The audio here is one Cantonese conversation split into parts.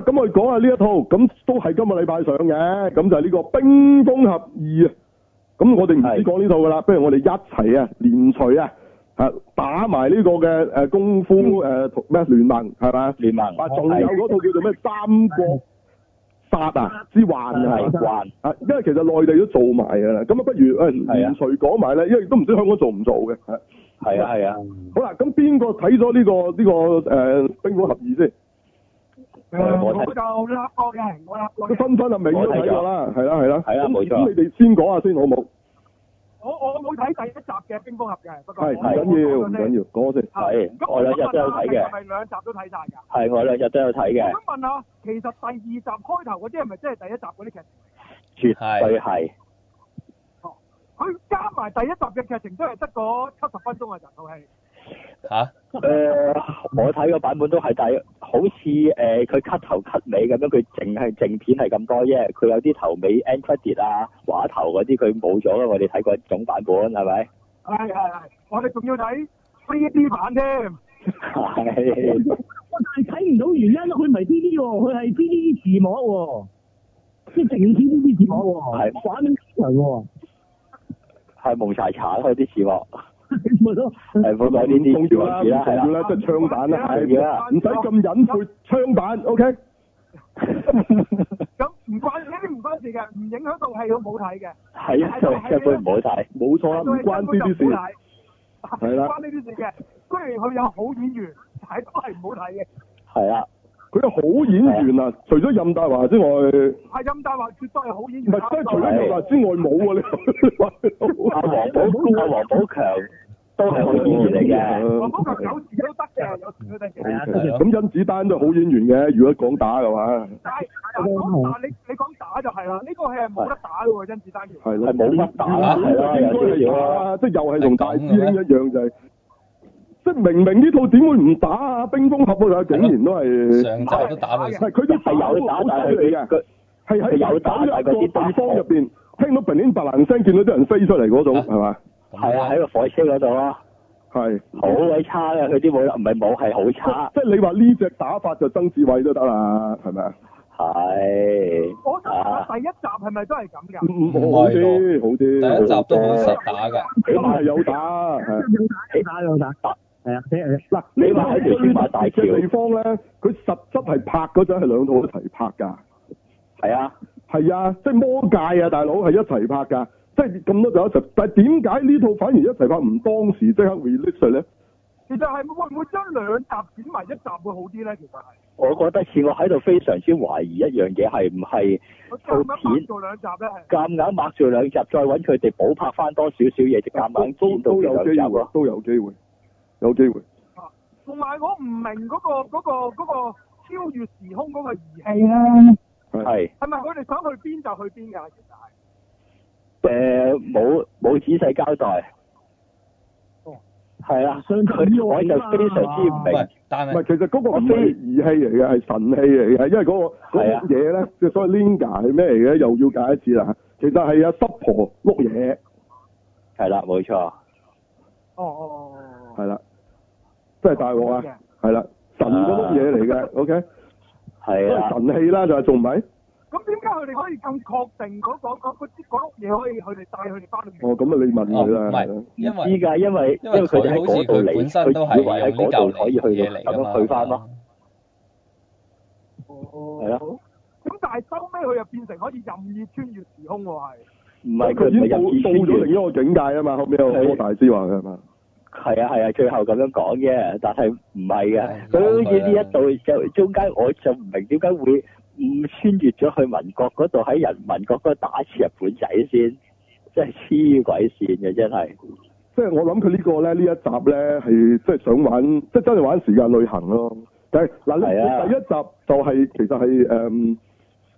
咁我哋講下呢一套，咁都係今日禮拜上嘅，咁就係呢個兵合《冰封俠二》啊，咁我哋唔知講呢套噶啦，不如我哋一齊啊連隨啊，吓、啊啊、打埋呢、這個嘅誒、啊、功夫誒咩聯盟係咪？聯盟啊，仲有嗰套叫做咩《三國殺、啊》之啊之幻」，啊啊，因為其實內地都做埋噶啦，咁啊不如誒連隨講埋咧，因為都唔知香港做唔做嘅係係啊係啊。好啦，咁邊、這個睇咗呢個呢個誒《冰封俠二》先？我就立國嘅，我立國。佢分分阿銘咁樣啦，係啦係啦，係啊冇錯。咁你哋先講下先好唔好？我我冇睇第一集嘅《冰封俠》嘅，不過係唔緊要，唔緊要，講我成睇。我兩集都有睇嘅，係兩集都睇晒嘅。係我兩集都有睇嘅。我想問下，其實第二集開頭嗰啲係咪真係第一集嗰啲劇情？絕對係。佢加埋第一集嘅劇情都係得個七十分鐘嘅一套戲。吓、啊？誒、呃，我睇個版本都係，但係好似誒，佢、呃、cut 頭 cut 尾咁樣，佢淨係正片係咁多啫。佢有啲頭尾 end credit 啊、畫頭嗰啲，佢冇咗啦。我哋睇過總版本係咪？係係係，我哋仲要睇 B D 版添。係。我但係睇唔到原因，佢唔係 B D 喎，佢係 B D D 字幕喎、哦，即係正片 B D 字幕喎、哦，係反面嚟喎。係、哦、蒙晒層嗰啲字幕。咪 咯，咁呢啲空調啦，唔、嗯嗯、啦，即係槍彈啦，係而家，唔使咁隱晦，槍彈，O K。咁唔、okay? 嗯、 關啲唔關事嘅，唔影響到戲好唔好睇嘅。係啊，就係佢唔好睇，冇錯啊，唔、就是、關呢啲事。係啦，唔關呢啲事嘅，雖然佢有好演員，睇 都係唔好睇嘅。係啊。佢都好演員啊，除咗任大華之外，係任大華絕對係好演員。唔係，係除咗任大華之外冇啊，啊。你王寶高、王寶強，都係好演員嚟、啊、嘅。王寶強有時都得嘅，有時都得嘅。咁甄、okay, 子丹都好演員嘅，如果講打嘅話，但係你講打就係、是、啦，呢、就是這個戲係冇得打嘅喎，甄子丹條係冇得打啦，應該係即係又係同大師兄一樣就係。即係明明呢套點會唔打啊？冰封俠嗰度竟然都係，上周都打啦，係佢都由打出嚟嘅，佢係喺由打入個地方入邊，聽到突然白爛聲，見到啲人飛出嚟嗰種係嘛？係啊，喺個火車嗰度啊，係好鬼差嘅，佢啲冇唔係冇係好差，即係你話呢隻打法就曾志偉都得啦，係咪啊？係，第一集係咪都係咁㗎？唔好啲，好啲，第一集都好實打㗎，係有打，係有打，有打，有打。係啊，嗱呢個係最大嘅地方咧。佢實質係拍嗰陣係兩套一齊拍噶，係啊，係啊，即係魔界啊，大佬係一齊拍噶，即係咁多集一齊。但係點解呢套反而一齊拍唔當時即刻 release 咧？其實係會唔會將兩集剪埋一集會好啲咧？其實係，我覺得似我喺度非常之懷疑一樣嘢係唔係套片，夾硬擘住兩集,呢硬硬住兩集再搵佢哋補拍翻多少少嘢，夾硬,硬到兩集都,都,都有機會，都有機會。有機會。同埋我唔明嗰、嗰個、嗰個嗰個超越時空嗰個儀器咧，係係咪佢哋想去邊就去邊㗎？其實係。誒，冇冇仔細交代。哦。係啊。相對啲我就非常之唔明。唔、啊、係，其實嗰個非儀器嚟嘅係神器嚟嘅，因為嗰、嗰個嗰嘢咧，即係所謂 Linga 係咩嚟嘅？又要解一次啦。其實係阿濕婆碌嘢。係啦，冇錯。哦哦哦係啦。真係大鑊啊！係啦，神嗰碌嘢嚟嘅，OK，係啊，神器啦，就係仲唔係？咁點解佢哋可以咁確定嗰個嗰嗰啲嗰碌嘢可以佢哋帶佢哋翻？哦，咁啊，你問佢啦，唔知㗎，因為因為佢喺嗰度嚟，佢喺嗰度可以去到，咁樣去翻咯。哦，係啊，咁但係收尾佢又變成可以任意穿越時空喎，係唔係？佢已經到到咗另一個境界啊嘛，後尾嗰個大師話佢啊嘛？係啊係啊，最後咁樣講啫，但係唔係啊。咁好似呢一度就中間我就唔明，點解會唔穿越咗去民國嗰度喺人民國嗰度打住日本仔先，真係黐鬼線嘅真係。即係我諗佢呢個咧，呢一集咧係即係想玩，即係真係玩時間旅行咯。但係嗱，你、啊、第一集就係其實係誒，其實、嗯、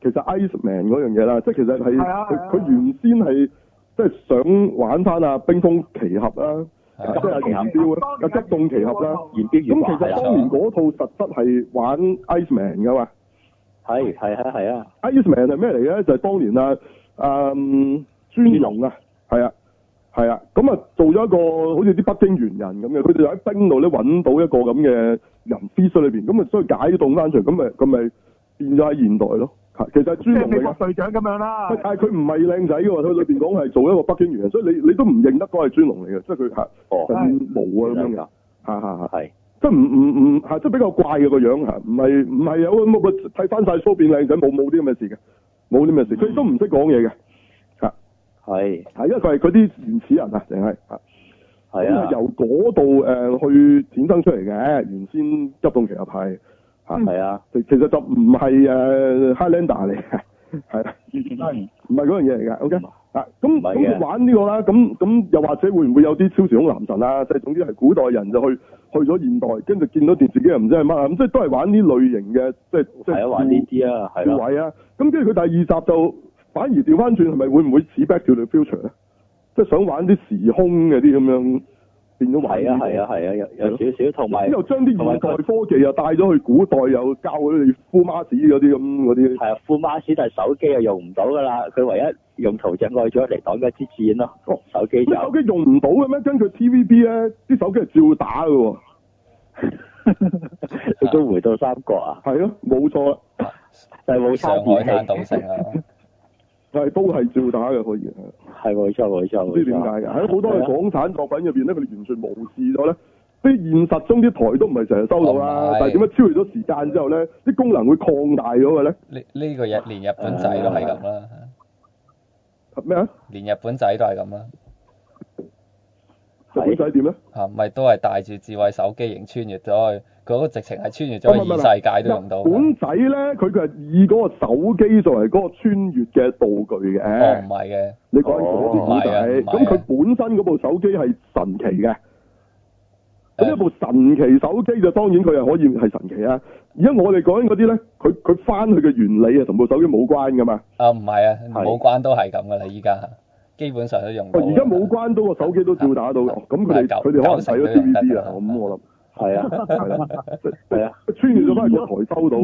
其實 Ice Man 嗰樣嘢啦，即係其實係佢佢原先係即係想玩翻啊冰封奇俠啦。即係奇岩雕啦，啊，解凍奇俠啦，咁其，其，其，其，其實當年嗰套實質係玩 Ice Man 噶嘛，係係啊，係啊，Ice Man 係咩嚟咧？就係，是，當年啊，嗯，尊龍啊，係啊係啊，咁啊做咗一個好似啲北京猿人咁嘅，佢哋喺冰度咧揾到一個咁嘅人 figure 裏邊咁啊，所以解咗凍翻出，咁咪咁咪變咗喺現代咯。其實係尊龍嚟嘅隊長咁樣啦、啊。但係佢唔係靚仔嘅喎，佢裏邊講係做一個北京猿人，所以你你都唔認得佢係尊龍嚟嘅，即係佢係哦，咁毛啊咁樣，哈哈係，即係唔唔唔，係即係比較怪嘅個樣吓，唔係唔係啊，我睇翻晒蘇炳靚仔，冇冇啲咁嘅事嘅，冇啲咩事，佢、嗯、都唔識講嘢嘅，吓、啊、係，係因為佢係佢啲原始人啊，淨係係，咁係由嗰度誒去產生出嚟嘅、啊，原先急凍奇俠派。啊、嗯，係啊，其其實就唔係誒 Highlander 嚟嘅，係，唔係嗰樣嘢嚟嘅，OK，啊，咁 咁、okay? 啊、玩呢個啦，咁咁又或者會唔會有啲超時空男神啊？即、就、係、是、總之係古代人就去去咗現代，跟住見到電視機又唔知係乜， 就是、啊。咁即係都係玩呢類型嘅，即係即係玩呢啲啊，係啊，咁跟住佢第二集就反而調翻轉，係咪會唔會 back to thefuture 咧？即係想玩啲時空嘅啲咁樣。係啊係啊係啊，有少有少少同埋，又將啲現代科技又帶咗去古代，啊啊、又教佢哋呼馬子嗰啲咁嗰啲。係啊，富馬士，但係手機又用唔到㗎啦，佢唯一用圖像愛咗嚟打嗰支戰咯，手機。哦、手機用唔到嘅咩？根據 TVB 咧，啲手機係照打嘅喎。你 都回到三角了《三國》啊？係咯，冇錯，就係冇差電視啊。 都係照打嘅，可以。係喎，冇錯，冇錯。唔知點解喺好多嘅港產作品入邊咧，佢哋完全無視咗咧啲現實中啲台都唔係成日收到啦、啊。但係點解超越咗時間之後咧，啲功能會擴大咗嘅咧？呢、這、呢個日連日本仔都係咁啦。咩啊？連日本仔都係咁啦。啊、是日本仔點咧？係咪都係帶住智慧手機型穿越咗去。嗰個直情係穿越咗異世界都用到、哦、日本仔咧，佢佢係以嗰個手機作為嗰個穿越嘅道具嘅。哦，唔係嘅。你講緊嗰啲古仔，咁、哦、佢本身嗰部手機係神奇嘅。咁、嗯、一部神奇手機就當然佢係可以係神奇呀。而家我哋講緊嗰啲咧，佢佢翻去嘅原理啊，同部手機冇關噶嘛。啊，唔係啊，冇關都係咁噶啦，依家基本上都用。哦，而家冇關到個手機都照打到。咁佢哋佢哋可能使咗 C V D 啊，咁、啊、我、啊啊啊係啊，係啊係啊，穿、啊啊、越咗翻個台收到，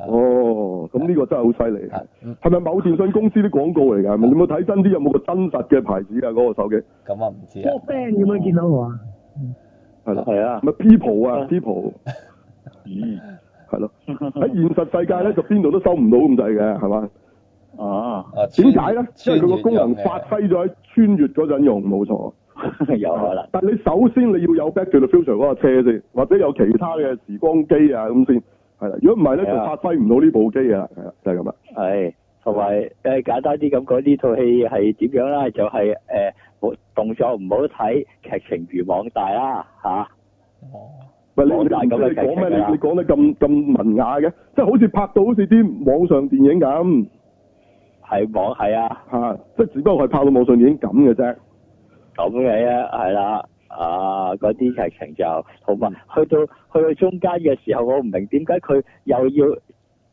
嗯、哦，咁呢、啊、個真係好犀利，係咪、啊、某電信公司啲廣告嚟噶？你有冇睇真啲？有冇個真實嘅牌子啊？嗰個手機咁啊，唔知 friend 有冇見到啊？係啦，係啊，咪、啊啊啊、people 啊，啊，people，咦，係、嗯、咯，喺、啊 啊、現實世界咧、 啊、就邊度都收唔到咁滯嘅，係嘛、啊？啊，點解咧？即係佢個功能發揮咗喺穿越嗰陣用，冇錯。 有可啦能， 但你首先你要有 Back to the Future 嗰架車先，或者有其他嘅時光機啊咁先，係啦。如果唔係咧，就發揮唔到呢部機啊。係啊，就係咁啊。係，同埋誒簡單啲咁講，呢套戲係點樣啦？就係、是、誒，冇、呃、動作唔好睇，劇情如網大啦嚇。哦、啊。網大咁嘅講咩？你你講得咁咁 文雅嘅，即係好似拍到好似啲網上電影咁。係網係啊嚇，即係只不過係拍到網上電影咁嘅啫。咁嘅啫，係啦，啊，嗰啲劇情就好問，去到去到中間嘅時候，我唔明點解佢又要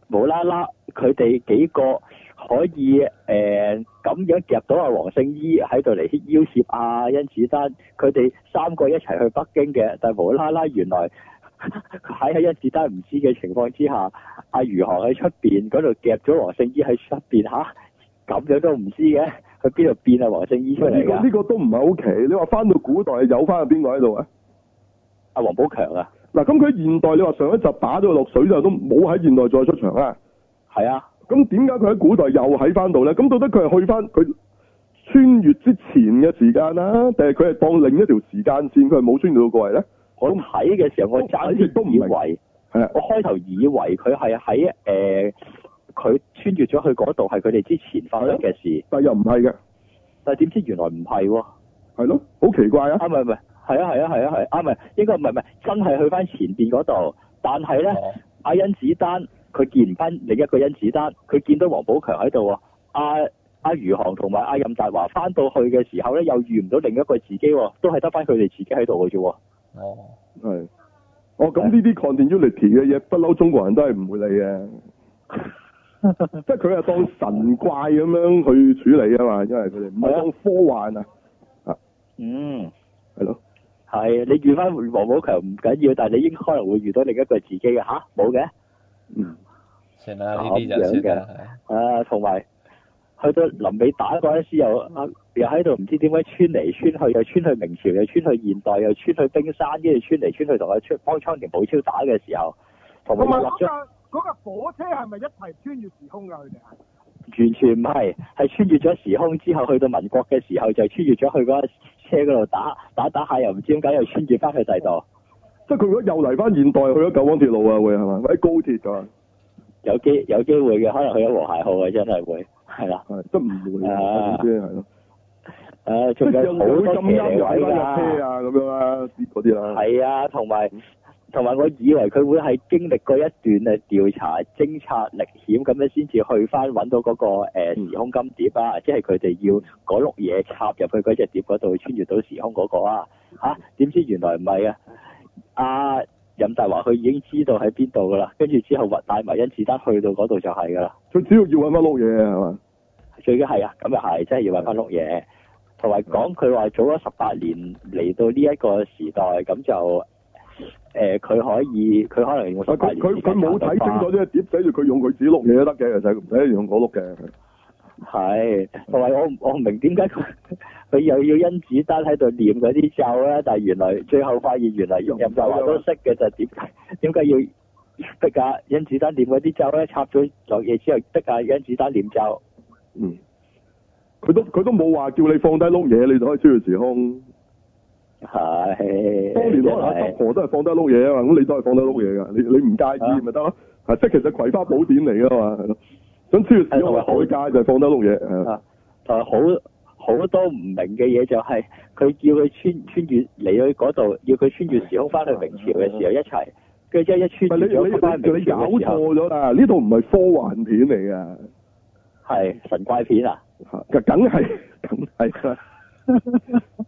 無啦啦，佢哋幾個可以誒咁、呃、樣夾到阿黃聖依喺度嚟要挾阿甄子丹，佢哋三個一齊去北京嘅，但係無啦啦，原來喺喺甄子丹唔知嘅情況之下，阿余杭喺出邊嗰度夾咗黃聖依喺出邊吓，咁、啊、樣都唔知嘅。佢邊度變啊？黃聖依出嚟呢、呢個呢個都唔係好奇。你話翻到古代有翻去邊個喺度啊？阿王寶強啊！嗱、啊，咁佢現代你話上一集打咗落水就都冇喺現代再出場是啊！係啊！咁點解佢喺古代又喺翻度咧？咁到底佢係去翻佢穿越之前嘅時間啊？定係佢係當另一條時間線？佢係冇穿越到過嚟咧？我睇嘅時候我，我暫時都唔明。係啊！我開頭以為佢係喺誒。呃佢穿越咗去嗰度，係佢哋之前發生嘅事是、啊。但又唔係嘅，但點知原來唔係喎。係咯、啊，好奇怪啊！是啊，咪係唔係，係啊係啊係啊係啊，唔係、啊啊啊啊、應該唔係唔係，真係去翻前邊嗰度。但係咧、嗯，阿甄子丹佢見唔翻另一個甄子丹，佢見到王寶強喺度。阿阿余航同埋阿任大華翻到去嘅時候咧，又遇唔到另一個自己，都係得翻佢哋自己喺度嘅啫。哦，係、嗯嗯嗯。哦，咁呢啲抗 o 咗 t i 嘅嘢，不嬲中國人都係唔會理嘅。 即係佢係當神怪咁樣去處理啊嘛，因為佢哋唔係當科幻啊。啊，嗯，係咯，係你遇翻王寶強唔緊要，但係你應該可能會遇到另一個自己嘅吓，冇、啊、嘅，嗯，算啦，呢啲就嘅。啊，同埋去到臨尾打嗰陣時，又又喺度唔知點解穿嚟穿去，又穿去明朝，又穿去現代，又穿去冰山，跟住穿嚟穿去同阿出幫倉田寶超打嘅時候，同埋嗰、那、架、個、火車係咪一齊穿越時空噶？佢哋完全唔係，係穿越咗時空之後去到民國嘅時候，就穿越咗去嗰架車嗰度打，打打打下，又唔知點解又穿越翻去第度。即係佢而家又嚟翻現代，去咗九廣鐵路啊！會係咪？喺高鐵咗，有機有機會嘅，可能去咗和諧號真會會啊！真係會，係啦，都唔會，唔知係咯。誒，仲有好嘅車呀？咁樣啊嗰啲啦。係啊，同埋、啊。啊同埋我以為佢會係經歷過一段嘅調查偵察歷險咁樣先至去翻揾到嗰、嗰個、呃、時空金碟啊！嗯、即係佢哋要嗰碌嘢插入去嗰隻碟嗰度，穿越到時空嗰個啊嚇！點知原來唔係啊！阿、啊、任達華佢已經知道喺邊度噶啦，跟住之後話帶埋甄子丹去到嗰度就係噶啦。佢主要要揾乜碌嘢係嘛？最緊係啊！咁又係真係要揾翻碌嘢。同埋講佢話早咗十八年嚟到呢一個時代咁就。誒、呃，佢可以，佢可能我佢佢冇睇清楚啲碟仔，住佢用佢紙碌嘢都得嘅，就唔使用果碌嘅。係同埋我我唔明點解佢佢又要甄子丹喺度念嗰啲咒咧？但係原來最後發現原來用入都識嘅，就點解點解要得噶？甄子丹念嗰啲咒咧，插咗落嘢之後得噶。甄子丹念咒，嗯，佢都佢都冇話叫你放低碌嘢，你就可以穿越時空。係，當年攞阿七婆都係放得一碌嘢啊嘛，咁你都係放得碌嘢噶，你你唔介意咪得咯，即係其實《葵花寶典》嚟噶嘛，係咯，咁穿越時空係咪街就嘅，放得碌嘢係啊，同埋好好多唔明嘅嘢就係，佢叫佢穿穿越嚟去嗰度，要佢穿越時空翻去明朝嘅時候一齊，跟住即係一穿越、啊、你，你，你，你搞錯咗啦，呢度唔係科幻片嚟噶，係神怪片啊，就梗係梗係啦。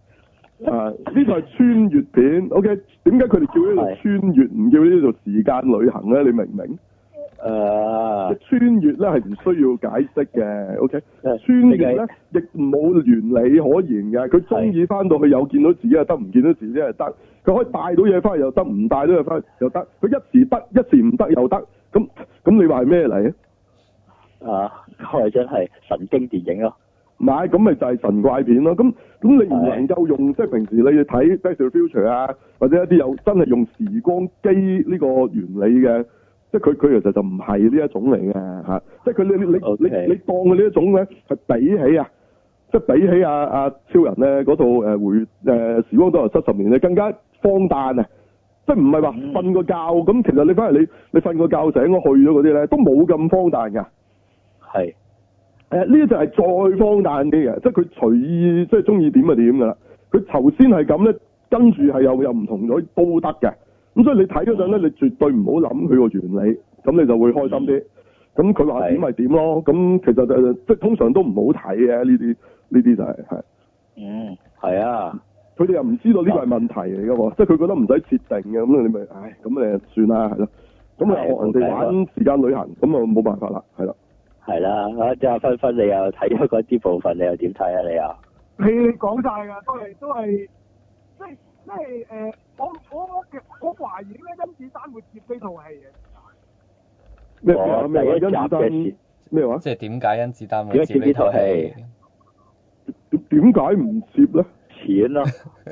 啊！呢個係穿越片，OK？點解佢哋叫呢度穿越，唔叫呢度時間旅行咧？你明唔明？誒、uh,，穿越咧係唔需要解釋嘅，OK？、Uh, 穿越咧亦冇原理可言嘅，佢中意翻到去、uh, 有見到自己又得，唔見到自己又得，佢可以帶到嘢翻去又得，唔帶到嘢翻去又得，佢一時得一時唔得又得，咁咁你話係咩嚟啊？啊，咁咪真係神經電影咯！咁咪就係神怪片咯。咁咁你唔能夠用，嗯、即係平時你睇《Doctor Who 啊， future, 或者一啲有真係用時光機呢個原理嘅，即係佢佢其實就唔係呢一種嚟嘅、啊、即係佢你、okay. 你你你你當嘅呢一種咧，係比，比起啊，即係比起啊阿超人咧嗰套、啊、回誒、啊、時光倒流七十年咧，更加荒誕啊！即係唔係話瞓個覺咁、嗯，其實你反而你你瞓個覺醒我去咗嗰啲咧，都冇咁荒誕㗎。係。誒呢一就係再荒誕啲嘅，即係佢隨意，即係中意點就點㗎啦。佢頭先係咁咧，跟住係又又唔同咗都得嘅。咁所以你睇咗陣咧，你絕對唔好諗佢個原理，咁你就會開心啲。咁佢話點咪點咯。咁其實就即係通常都唔好睇嘅呢啲呢啲就係係，嗯，係啊。佢哋又唔知道呢個係問題嚟㗎喎，即係佢覺得唔使設定嘅咁，你咪唉咁你就算啦，係啦咁啊，人哋玩時間旅行，咁啊冇辦法啦，係啦。係啦，啊，即係分分，你又睇咗嗰啲部分，你又點睇啊？你又你講晒噶，都係都係，即係即係誒，我我我我懷疑咧，甄子丹會接呢套戲嘅。咩咩甄咩話？即係點解甄子丹會接呢套戲？點解唔接咧？錢啦、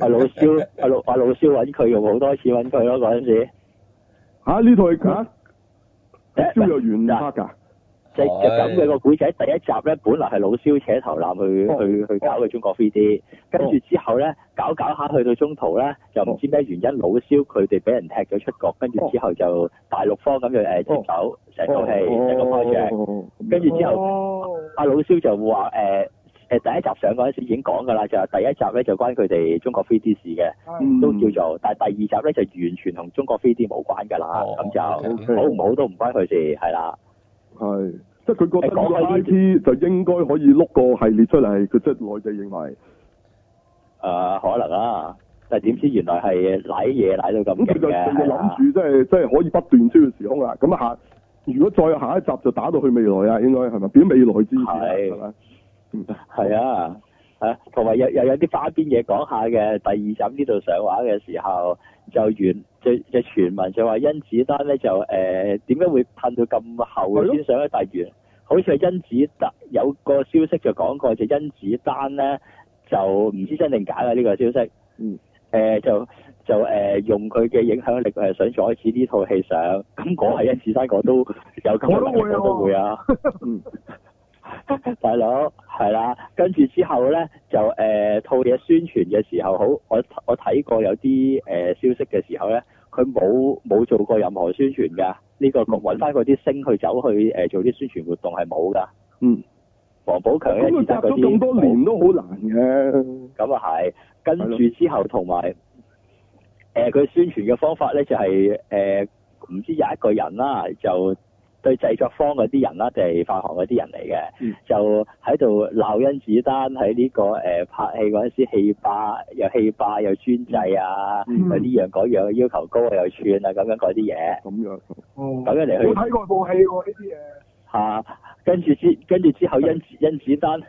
啊，阿、 啊、老蕭，阿、 啊、老阿老蕭搵佢用好多錢搵佢咯，嗰陣時吓呢套戲吓，阿蕭有原拍噶。啊啊啊啊啊啊啊就咁佢個古仔第一集咧，本嚟係老蕭扯頭攬去、哦、去去搞嘅中國 three D，跟住之後咧，搞搞下去到中途咧，就唔知咩原因，哦、老蕭佢哋俾人踢咗出局，跟住之後就大陸方咁樣誒接手，成套戲成、哦、個 project 跟住之後阿、哦、老蕭就會話誒、呃、第一集上嗰陣時已經講㗎啦，就係、是、第一集咧就關佢哋中國 three D 事嘅、嗯，都叫做，但係第二集咧就完全同中國 three D 冇關㗎啦，咁、哦、就 okay，好唔好都唔關佢事，係啦，係。佢覺得講開 IP 就應該可以碌個系列出嚟，佢即係內地認為，誒、呃、可能啊，但點知原來係攋嘢攋到咁，佢就諗住即係即係可以不斷超越時空啦。咁下如果再下一集就打到去未來啊，應該係咪？變未來之時係咪？係啊。同、啊、埋又，又有有啲花邊嘢講下嘅。第二集呢度上畫嘅時候，就傳就就傳聞就話甄子丹咧就，誒點解會噴到咁厚先上咧？但係原好似係甄子丹有個消息就講過，就甄子丹咧就唔知真定假嘅呢、呢個消息。嗯，呃、就就誒、呃、用佢嘅影響力想阻止呢套戲上，咁講係甄子丹我都有咁嘅都會呀、啊。 大佬係啦，跟住之後咧就誒套嘢宣傳嘅時候，好我我睇過有啲誒消息嘅時候咧，佢冇冇做過任何宣傳噶，呢、這個搵翻嗰啲星去走去誒、呃、做啲宣傳活動係冇噶，嗯，王寶強一啲都咁多年都好難嘅，咁啊係，跟住之後同埋誒佢宣傳嘅方法咧就係誒唔知廿一個人啦就。對製作方嗰啲人啦、啊，定係發行嗰啲人嚟嘅、嗯，就喺度鬧甄子丹喺呢、這個誒、呃、拍戲嗰陣時，戲霸又戲霸又專制啊，又、嗯、呢樣嗰樣要求高啊，又串啊咁樣嗰啲嘢。咁、嗯、樣哦，咁樣嚟去。冇睇過嗰部戲喎、啊，呢啲嘢。嚇、啊！跟住之跟住之後甄子，甄甄子丹，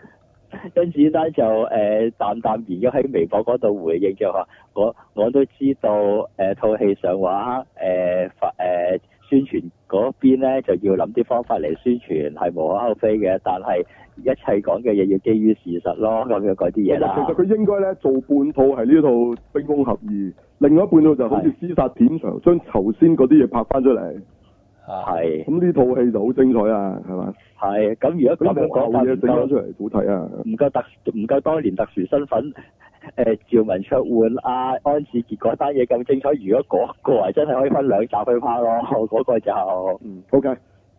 甄 子丹就誒、呃、淡淡然咗喺微博嗰度回應，就話我我都知道誒、呃、套戲上畫誒、呃、發誒、呃、宣傳。嗰邊咧就要諗啲方法嚟宣傳，係無可厚非嘅。但係一切講嘅嘢要基於事實咯，咁嘅嗰啲嘢啦。其實佢應該咧做半套係呢套《冰封俠二》，另外一半套就好似《屍殺片場》，將頭先嗰啲嘢拍翻出嚟。係咁呢套戲就好精彩啊，係嘛？係咁如果佢啲冇好嘢整咗出嚟，好睇啊！唔夠特唔夠當年特殊身份。誒、呃，趙文卓換阿安志杰嗰單嘢咁精彩，如果嗰個係真係可以分兩集去拍咯，嗰 個 okay, 就嗯 OK。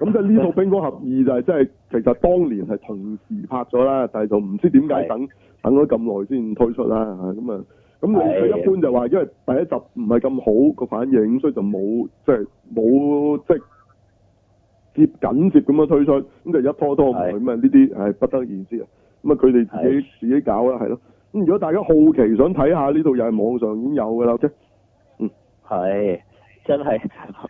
咁即係呢套《冰火合二》就係真係， 其實當年係同時拍咗啦，但係就唔知點解等等咗咁耐先推出啦咁啊。咁你一般就話，因為第一集唔係咁好個反應，所以就冇即係冇即係。就是接緊接咁樣推出，咁就一拖拖埋咁啊！呢啲係不得而知啊。咁啊，佢哋自己自己搞啦，係咯。咁如果大家好奇想睇下呢度，又係網上已經有㗎啦，即嗯，係，真係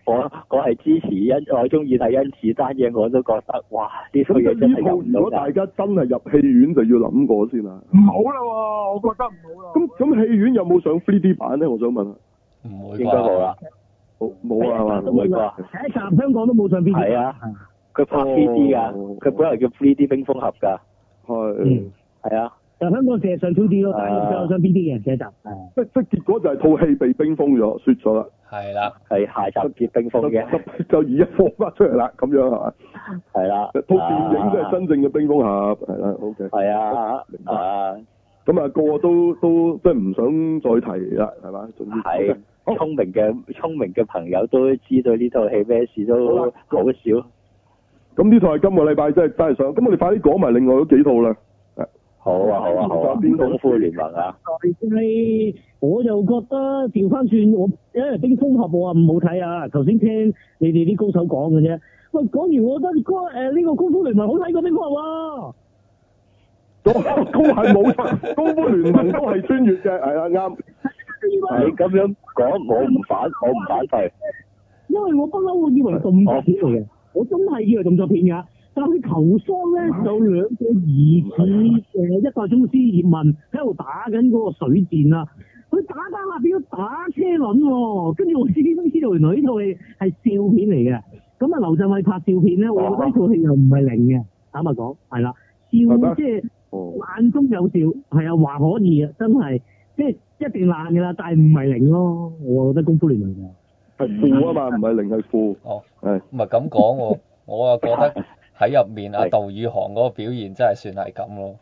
我我係支持，因 我中意睇甄子丹嘅，我都覺得哇，啲佢真真係。咁如果大家真係入戲院就要諗過先啦。唔好啦、啊，我覺得唔好啦。咁咁戲院有冇上 3D 版咧？我想問下。唔會吧？冇啊嘛，冇啊！第一集、啊啊、香港都冇上 3D，係啊，佢拍 3D 噶，佢、哦、本嚟叫 3D 冰封俠噶，係、啊，係啊，啊。但香港成日上 2D 咯，但係上 3D 嘅第一集，係、啊啊。即即結果就係套戲被冰封咗，雪咗啦。係啦、啊，係下集結冰封嘅，就而一放翻出嚟啦，咁樣係嘛。係啦、啊，套、 啊、電影都係真正嘅冰封俠，係啦、啊，OK。係啊，明白啊。咁啊，個個都都即係唔想再提啦，係嘛，總之。係、啊。嗯聰明嘅聰明嘅朋友都知道呢套戲咩事都講得少。咁呢套係今個禮拜真係帶上，咁我哋快啲講埋另外嗰幾套啦。好啊，好啊，好。邊套功夫聯盟啊？係我就覺得調翻轉，我誒冰封俠部啊唔好睇啊！頭先聽你哋啲高手講嘅啫。喂，講完我覺得哥誒呢個功夫聯盟好睇過冰封俠都係冇功夫聯盟都係穿越嘅，係啊啱。嗯你咁樣講，我唔反，我唔反對。因為我不嬲，我以為動作片嚟嘅，哦，我真係以為動作片噶。但係佢求叔咧有兩個兒子，誒、嗯，一代宗師葉問喺度打緊嗰個水戰啊！佢打打下變咗打車輪，跟住我知呢套戲，呢套戲係笑片嚟嘅。咁啊，劉鎮偉拍笑片咧，我覺得呢套戲又唔係靈嘅，嗯，坦白講係啦，笑即係眼中有笑，係啊，話可以啊，真係。即係一定爛，噶啦，但係唔係零咯，我啊覺得功夫聯盟係負啊嘛，唔係零係負，係唔係咁講我？我啊覺得喺入面阿杜宇航嗰個表現真係算係咁咯。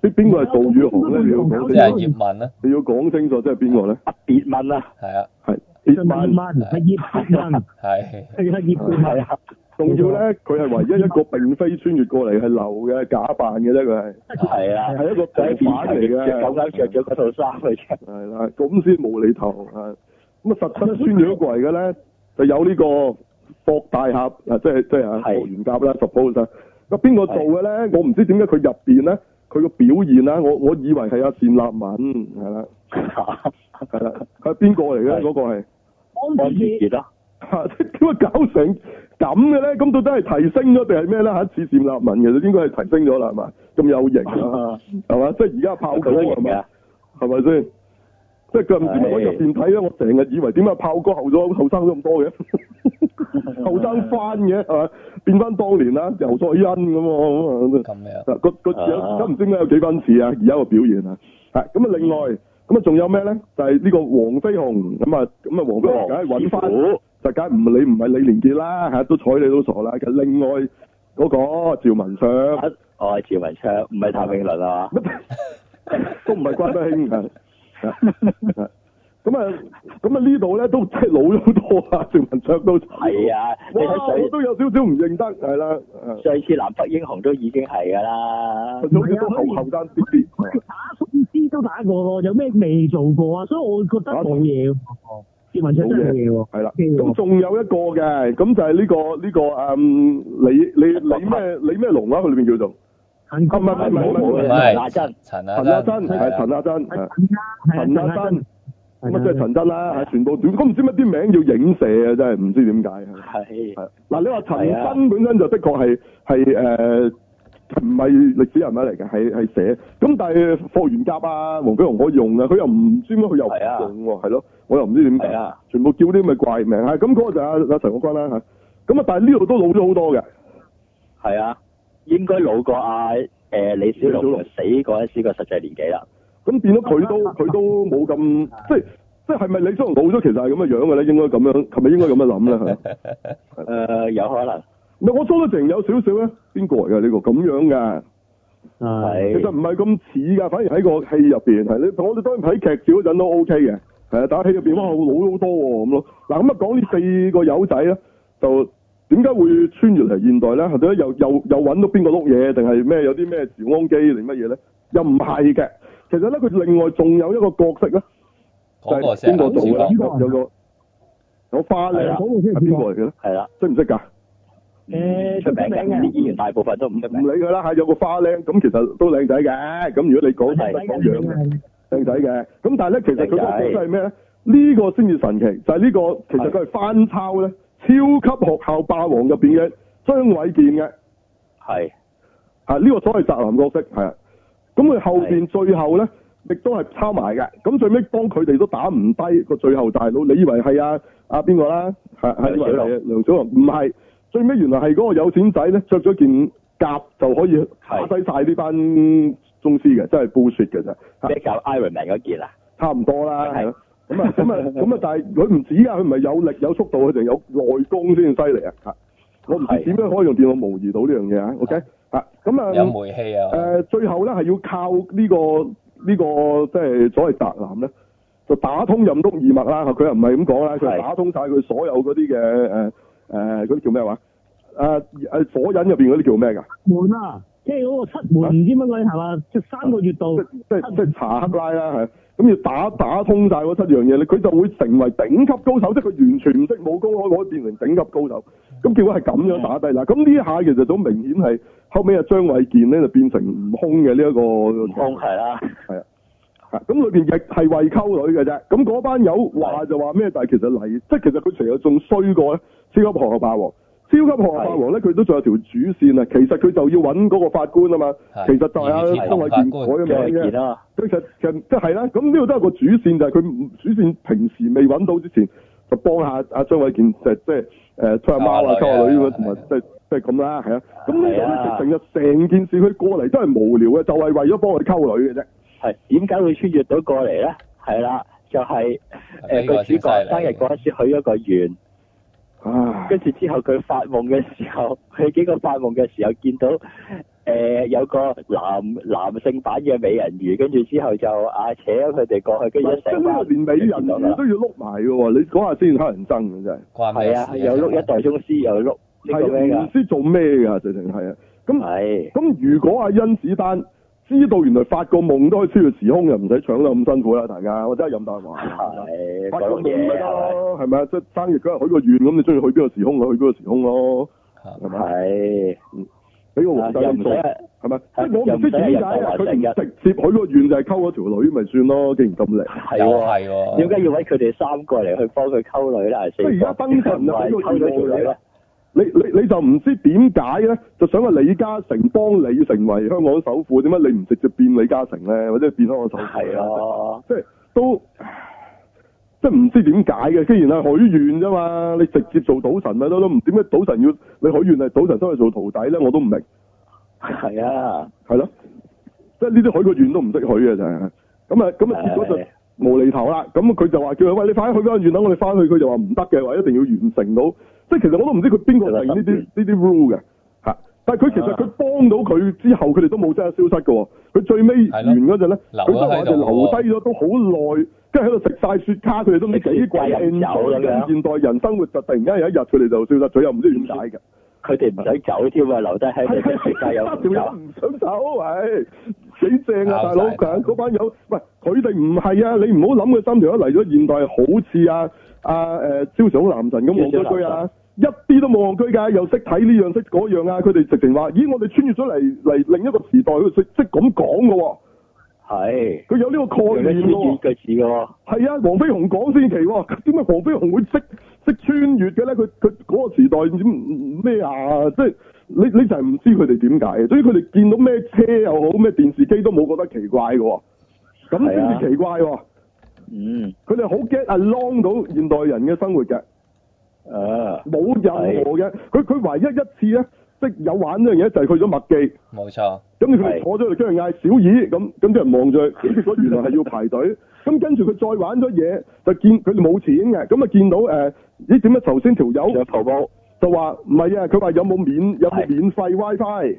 即邊個係杜宇航咧？即係葉問咧？你要講清楚即係邊個咧？葉問啊，係啊，係葉問，係葉問，係係啊葉問。仲要咧，佢係唯一一個並非穿越過嚟係流嘅假扮嘅啫，佢係係啊，係一個假扮嚟嘅，著咗套衫嚟嘅。係啦，咁先無厘頭啊！咁啊，啊，啊，啊，啊，實質穿越過嚟嘅咧，就有呢個霍大俠啊，即係即係啊霍元、就是就是啊啊、甲啦，suppose、啊。咁邊個做嘅咧、啊？我唔知點解佢入面咧，佢個表現呢，我我以為係阿、啊、善立敏係啦，係啦，係邊個嚟嘅？嗰個係安志傑啊！嚇 啊，點解、啊那個、 搞成？咁嘅咧，咁到底係提升咗定係咩咧？下一次謝立文嘅，應該係提升咗啦，係嘛，咁有型，啊，係 嘛，即係而家炮哥咁嘅，係咪先？即係佢唔知咪我入邊睇呢？我成日以為點解炮哥後咗後生咁多嘅， 是吧 後生翻嘅，係嘛，變翻當年啦，游再恩咁啊咁啊，咁 咩 啊？個個咁唔知解有幾分似啊？而家嘅表現啊，係咁啊，另外咁啊，仲有咩咧？就係、是、呢個黃飛鴻咁啊，咁啊，黃飛鴻梗係穩翻。大家唔你唔係李連杰啦吓，都睬你都傻啦。實，另外嗰個趙文卓、啊，我係趙文卓，唔係譚詠麟啦，都唔係關德興咁啊，咁啊，呢度咧都即係老咗好多啊，趙文卓都係啊。我都有少少唔認得，係啦、啊。上次《南北英雄》都已經係噶啦。上 次、啊啊、都後生啲，打粉司都打過，有咩未做過啊？所以我覺得冇嘢。好嘢喎，係啦。咁仲有一個嘅，咁就係、是、呢、呢個呢個嗯，李李李咩李咩龍啊？佢裏面叫做。唔係唔係唔係陳亞珍，陳亞珍係陳亞珍，啊、陳亞珍。乜即係陳真啦？係全部短？咁唔知乜啲名叫影射啊！真係唔知點解啊。係。嗱，你話陳真本身就的確係係誒。唔係歷史人物嚟嘅，係寫。咁但係霍元甲啊、黃飛鴻可以用啊，佢又唔知點解佢又唔用喎、啊，係咯、啊，我又唔知點解、啊，全部叫啲咁嘅怪名啊！咁、那、嗰個就阿阿陳國軍啦咁啊，但係呢度都老咗好多嘅。係啊，應該老過啊、呃、李小龍，李小龍死嗰陣時個實際年紀啦。咁變咗佢都佢都冇咁 即係即係咪李小龍老咗其實係咁嘅樣嘅咧？應該咁樣係咪應該咁樣諗咧嚇？有可能。唔係我梳得成有少少咧，邊個嚟嘅呢個咁樣嘅？係其實唔係咁似㗎，反而喺個戲入邊係你我哋當然睇劇照嗰陣都 O K 嘅。係啊，但係戲入邊哇，老好多喎咁咯。嗱咁啊，講呢四個友仔咧，就點解會穿越嚟現代咧？或者又又又揾到邊個碌嘢定係咩？有啲咩治安機定乜嘢咧？又唔係嘅。其實咧，佢另外仲有一個角色咧，就係、是、邊、邊個做啦？有個有花樣嘅，邊個嚟嘅咧？係啦，識唔識㗎？誒、嗯，出名嘅啲演員大部分都唔唔理佢啦，係有個花靚咁，其實都靚仔嘅。咁如果你講真講樣，靚仔嘅。咁但係咧，其實佢個角色係咩咧？呢、這個先至神奇，就係、是、呢個其實佢係翻抄咧，超級學校霸王入邊嘅張衛健嘅。係，啊呢、這個所謂宅男角色係啊，咁佢後邊最後咧亦都係抄埋嘅。咁最屘當佢哋都打唔低個最後大佬，你以為係阿阿邊個啦？係，你以為梁小龍？唔係。最尾原來係嗰個有錢仔咧，着咗件甲就可以打低晒呢班宗師嘅，真係 bullshit 嘅啫。即係就 Iron Man 嗰件啊，差唔多啦。係 咯。咁啊咁啊咁啊，但係佢唔止啊，佢唔係有力有速度，佢係有，有內功先犀利啊。我唔知點樣可以用電腦模擬到呢樣嘢啊？OK。係。咁啊。有煤氣啊。最後咧係要靠呢、呢個呢、呢個即係所謂宅男咧，就打通任督二脈啦。佢又唔係咁講啦，佢打通晒佢所有嗰啲嘅誒、呃，嗰啲叫咩話？誒、呃、誒，火影入邊嗰啲叫咩噶？七門啊，即係嗰個七門，唔知乜鬼係嘛？即、啊、係三個月度，即即,是即是查克拉啦，係咁要打打通晒嗰七樣嘢，你佢就會成為頂級高手，即係佢完全唔識武功，可以可以變成頂級高手。咁結果係咁樣打低啦。咁呢下其實都明顯係後尾阿張衛健咧就變成悟空嘅呢一個。悟空係啦，係啊，咁裏邊亦係為溝女嘅啫。咁嗰班友話就話咩？但係其實嚟，即係其實佢除咗仲衰過咧。超級學校霸王，超級學校霸王咧，佢都仲有條主線啊，啊！其實佢就要揾嗰個法官啊嘛，其實就係阿張偉健改嘅名啦，其實其實即係啦，咁呢度都係個主線，就係、是、佢、就是就是就是、主線平時未揾到之前，就幫下阿張偉健，就即係誒，出阿媽啊，娶、呃、阿女啊，同埋即係即係咁啦，係、yeah, 啊，咁、yeah, 呢樣咧，成日成件事佢過嚟都係無聊嘅，就係、是、為咗幫佢溝女嘅啫。係，點解佢穿越到過嚟咧？係啦，就係、是、誒，呃這個主角生日嗰一次許咗個願。呃啊！跟住之後佢發夢嘅時候，佢幾個發夢嘅時候見到誒、呃、有個男男性版嘅美人魚，跟住之後就啊扯咗佢哋過去，跟住一成班連美人魚都要碌埋㗎喎！你講下先，乞人憎真係。係啊，又碌一代宗師，又碌係唔知做咩㗎，直情係啊，咁咁如果阿甄子丹？嗯知道原來發個夢都可以超越時空，又唔使搶得咁辛苦啦，大家我真係飲大話。係，搶嘢唔係咯，係咪啊？即係生完佢許個願，咁你中意去邊個時空就去邊個時空咯，係咪啊？係，俾個皇帝唔係咪即係我唔知點解佢唔直接許個願就係溝咗條女咪算咯，既然咁叻。係喎係喎，點解、啊啊、要喺佢哋三個嚟去幫佢溝女啦，不如而家登神啊，去溝嗰條女。你你你就唔知點解咧，就想話李嘉誠幫你成為香港首富，點解你唔直接變李嘉誠咧，或者變香港首富？係啊，就係、即係都即係唔知點解嘅。既然係許願啫嘛，你直接做賭神咪得咯？唔點解賭神要你許願係賭神收佢做徒弟咧？我都唔明。係啊，係咯、啊，即係呢啲許個願都唔識許嘅就係咁啊！咁啊，結果就、啊啊、無厘頭啦。咁佢就話，叫佢喂，你快啲去翻個願，等我哋翻去。佢就話唔得嘅話，一定要完成到。即係其實我都唔知佢邊個嚟呢啲呢啲 rule 嘅，嚇！但係佢其實佢幫到佢之後，佢哋都冇真係消失嘅喎。佢最尾完嗰陣咧，佢都話就留低咗都好耐，跟住喺度食晒雪卡，佢哋都唔知幾怪。有嘅。現代人生活就突然間有一日，佢哋就消失咗，又唔知點解嘅。佢哋唔使走添啊，留低喺呢度食下有。三條友唔想走，唉，幾正啊，大佬！嗰班友，喂，佢哋唔係啊，你唔好諗佢三條友嚟咗現代好似啊。阿、啊、誒，照、呃、上男神咁望居，居啊！一啲都冇望居㗎，又識睇呢樣識嗰樣啊！佢哋直情話：咦，我哋穿越咗嚟嚟另一個時代嗰時，識咁講㗎喎。係。佢有呢個概念喎。有咩先係啊，黃飛鴻講先奇喎、哦？點解黃飛鴻會識識穿越嘅咧？佢佢嗰個時代唔知咩啊！即係你你就係唔知佢哋點解，所以佢哋見到咩車又好，咩電視機都冇覺得奇怪㗎喎、哦。咁先至奇怪喎、哦。嗯，佢哋好驚啊，long 到現代人嘅生活嘅，啊，冇任何嘅，佢佢唯一一次咧，即、即係、有玩呢樣嘢，就係去咗麥記，冇錯，咁佢哋坐咗嚟，跟住嗌小二，咁咁啲人望住，咁結果原來係要排隊，咁跟住佢再玩咗嘢，就見佢哋冇錢嘅，咁啊見到誒、呃，咦點解頭先條友就話唔係啊，佢話有冇免有冇免費 wifi，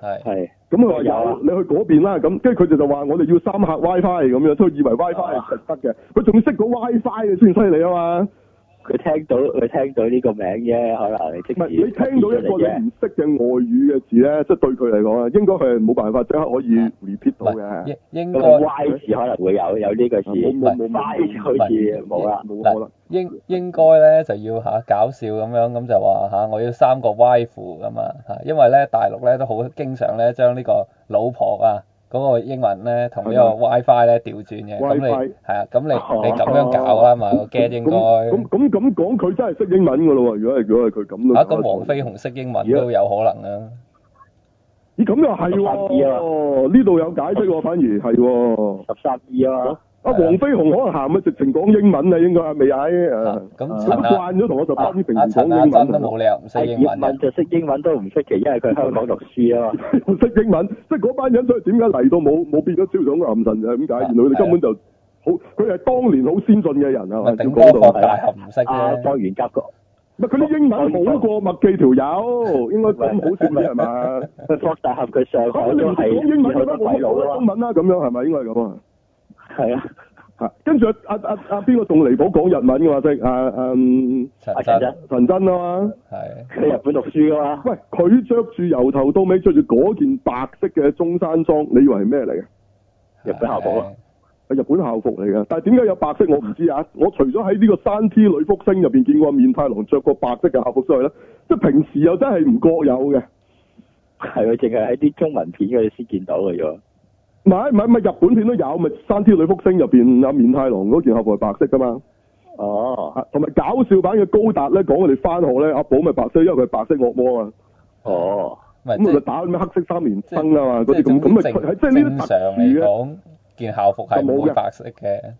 係。係咁佢話有，你去嗰邊啦。咁，跟住佢哋就話我哋要三核 WiFi 咁樣，所以以為 WiFi 係食得嘅。佢仲要識講 WiFi，先算犀利啊嘛！佢聽到佢聽到呢個名啫，可能你，你聽到一個你唔識嘅外語嘅字咧，即係對佢嚟講啊應該係冇辦法即刻可以 repeat 到嘅。咁歪字可能會有有呢個字，唔係歪字，冇啦，冇可能。應該咧就要搞笑咁樣咁就話我要三個歪符咁啊！因為咧大陸咧都好經常咧將呢個老婆啊，嗰個英文咧，同呢個 WiFi 咧調轉嘅，咁你係啊，咁你你咁樣搞啊嘛，我 get 應該。咁咁咁講，佢真係識英文㗎咯喎！如果係如果係佢咁樣啊，個黃飛鴻識英文都有可能啊。咦？咁又係喎，呢度有解釋喎，反而係喎。十三二啊！阿黃飛鴻可能行啊，直情講英文啊，應該係未啊？誒、啊，咁佢慣咗同我十三姨平時講英文，英、啊、文就識英文都唔出奇，因為佢香港讀書啊嘛。識 英文，即係嗰班人都，都係點解嚟到冇冇變咗超上咁神就係咁解？原來佢哋根本就好，佢係當年好先進嘅人啊嘛。定科學大俠唔識啊，霍元甲佢佢啲英文冇過麥記條友， 應該咁好少啲係咪？霍大俠佢上海講英文啦，中文啦，咁樣係咪？應該係咁啊。係啊，跟住阿阿阿邊個仲離譜，講日文嘅話，即係阿阿陳真陳、啊、真，陳真，陳真啊嘛，喺、啊、日本讀書嘅嘛。喂，佢着住由頭到尾着住嗰件白色嘅中山裝，你以為係咩嚟嘅？日本校服啊，係日本校服嚟噶。但係點解有白色我唔知啊？ 我除咗喺呢個《山 T 女福星》入邊見過面太郎着過白色嘅校服之外咧，即係平時又真係唔覺有嘅。係咪淨係喺啲中文片嗰度先見到嘅啫。唔係唔係咪日本片都有，咪《山 T 女福星》入邊阿面太郎嗰件校服係白色噶嘛？哦、啊，同埋搞笑版嘅高達咧，講佢哋翻學咧，阿寶咪白色，因為佢係白色惡魔啊，啊是、就是就是是不。哦，咁咪打咁嘅黑色三連星啊嘛，嗰條咁咪即係呢啲特殊啊。件校服係冇嘅，白色嘅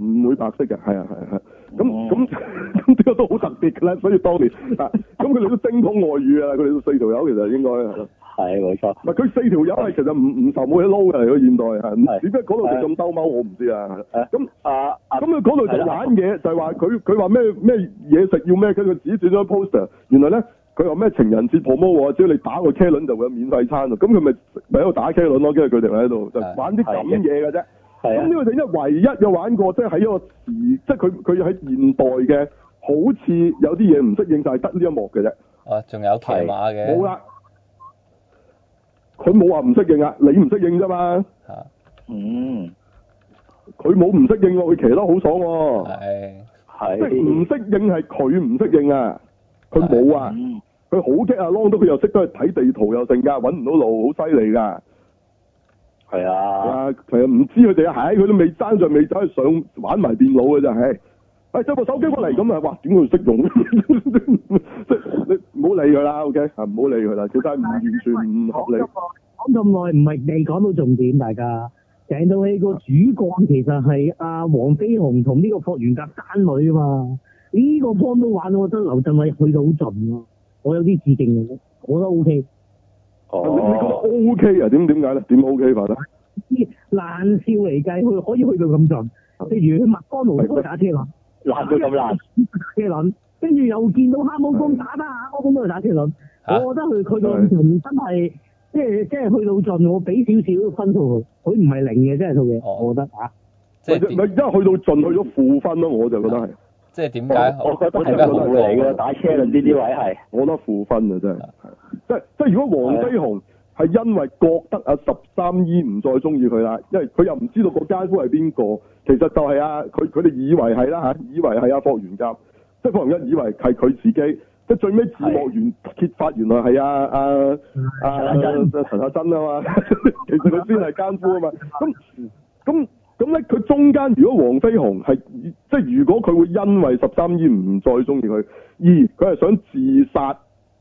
唔會白色嘅，係啊係啊，咁咁咁都好特別嘅咧。所以當年咁佢哋都精通外語啊，佢哋都四條友其實應該。係冇錯，唔係佢四條友係其實五五頭冇嘢撈嘅嚟，個現代係。點解嗰度就咁兜踎？我唔知啊。咁啊咁啊，嗰度、啊啊、就玩嘢就係話佢佢話咩咩嘢食要咩？跟住指住張 poster，原來咧佢話咩情人節 promo 啊，只要你打個車輪就會有免費餐，咁佢咪咪喺度打車輪咯，跟住佢哋喺度就玩啲咁嘢嘅啫。咁呢個就因為唯一有玩過，即係喺一個時，即係佢佢喺現代嘅，好似有啲嘢唔適應，就係得呢一幕嘅啫。啊，仲有騎馬嘅。好啦。佢冇話唔適應啊，你唔適應啫嘛。嗯，佢冇唔適應，佢騎得好爽。係，即係唔適應係佢唔適應啊，佢冇啊，佢好激啊，啷到佢又識得去睇地圖又剩噶，搵唔到路好犀利噶。係啊，啊係啊，唔知佢哋啊，喺、哎、佢都未登上，未登上玩埋電腦嘅就係。誒、哎，收部手機過嚟咁啊！哇，點會識用？ 你唔好理佢啦，OK？啊，唔好理佢啦，最緊唔完全唔合理。講咁耐唔係未講到重點，大家成套戲個主角其實係阿黃飛鴻同呢個霍元甲單女啊嘛。呢、這個 point 都玩到，我覺得劉鎮偉去到好盡啊！我有啲致敬我覺得 OK。哦、啊，你覺得 OK 啊？點點解咧？點 OK 法咧？啲爛笑嚟計，佢可以去到咁盡。譬如去麥當勞都打車啊！難到咁難？車、啊、輪，跟住又見到黑毛公打啦，黑毛公都去打車輪。我覺得佢佢個真係，即係即係去到盡，我俾少少分數佢，唔係零嘅，真係套嘢。我覺得是啊，即係點？咪一去到盡，去咗負分咯，我就覺得係。即係點解？我覺得係好難嘅打車輪呢啲位係。我覺得負分啊，真係。即係即係，如果黃飛鴻係因為覺得阿十三姨唔再中意佢啦，因為佢又唔知道郭家夫係邊個。其實就係啊，佢，佢哋以為係啦吓，以為係阿、啊、霍元甲，即係霍元甲以為係佢自己，即係最尾自曝完揭發，原來係啊，阿阿陳阿真啊嘛、啊啊啊，其實佢先係奸夫啊嘛，咁咁咁咧，佢中間如果黃飛鴻係，即係如果佢會因為十三姨唔再中意佢，二佢係想自殺，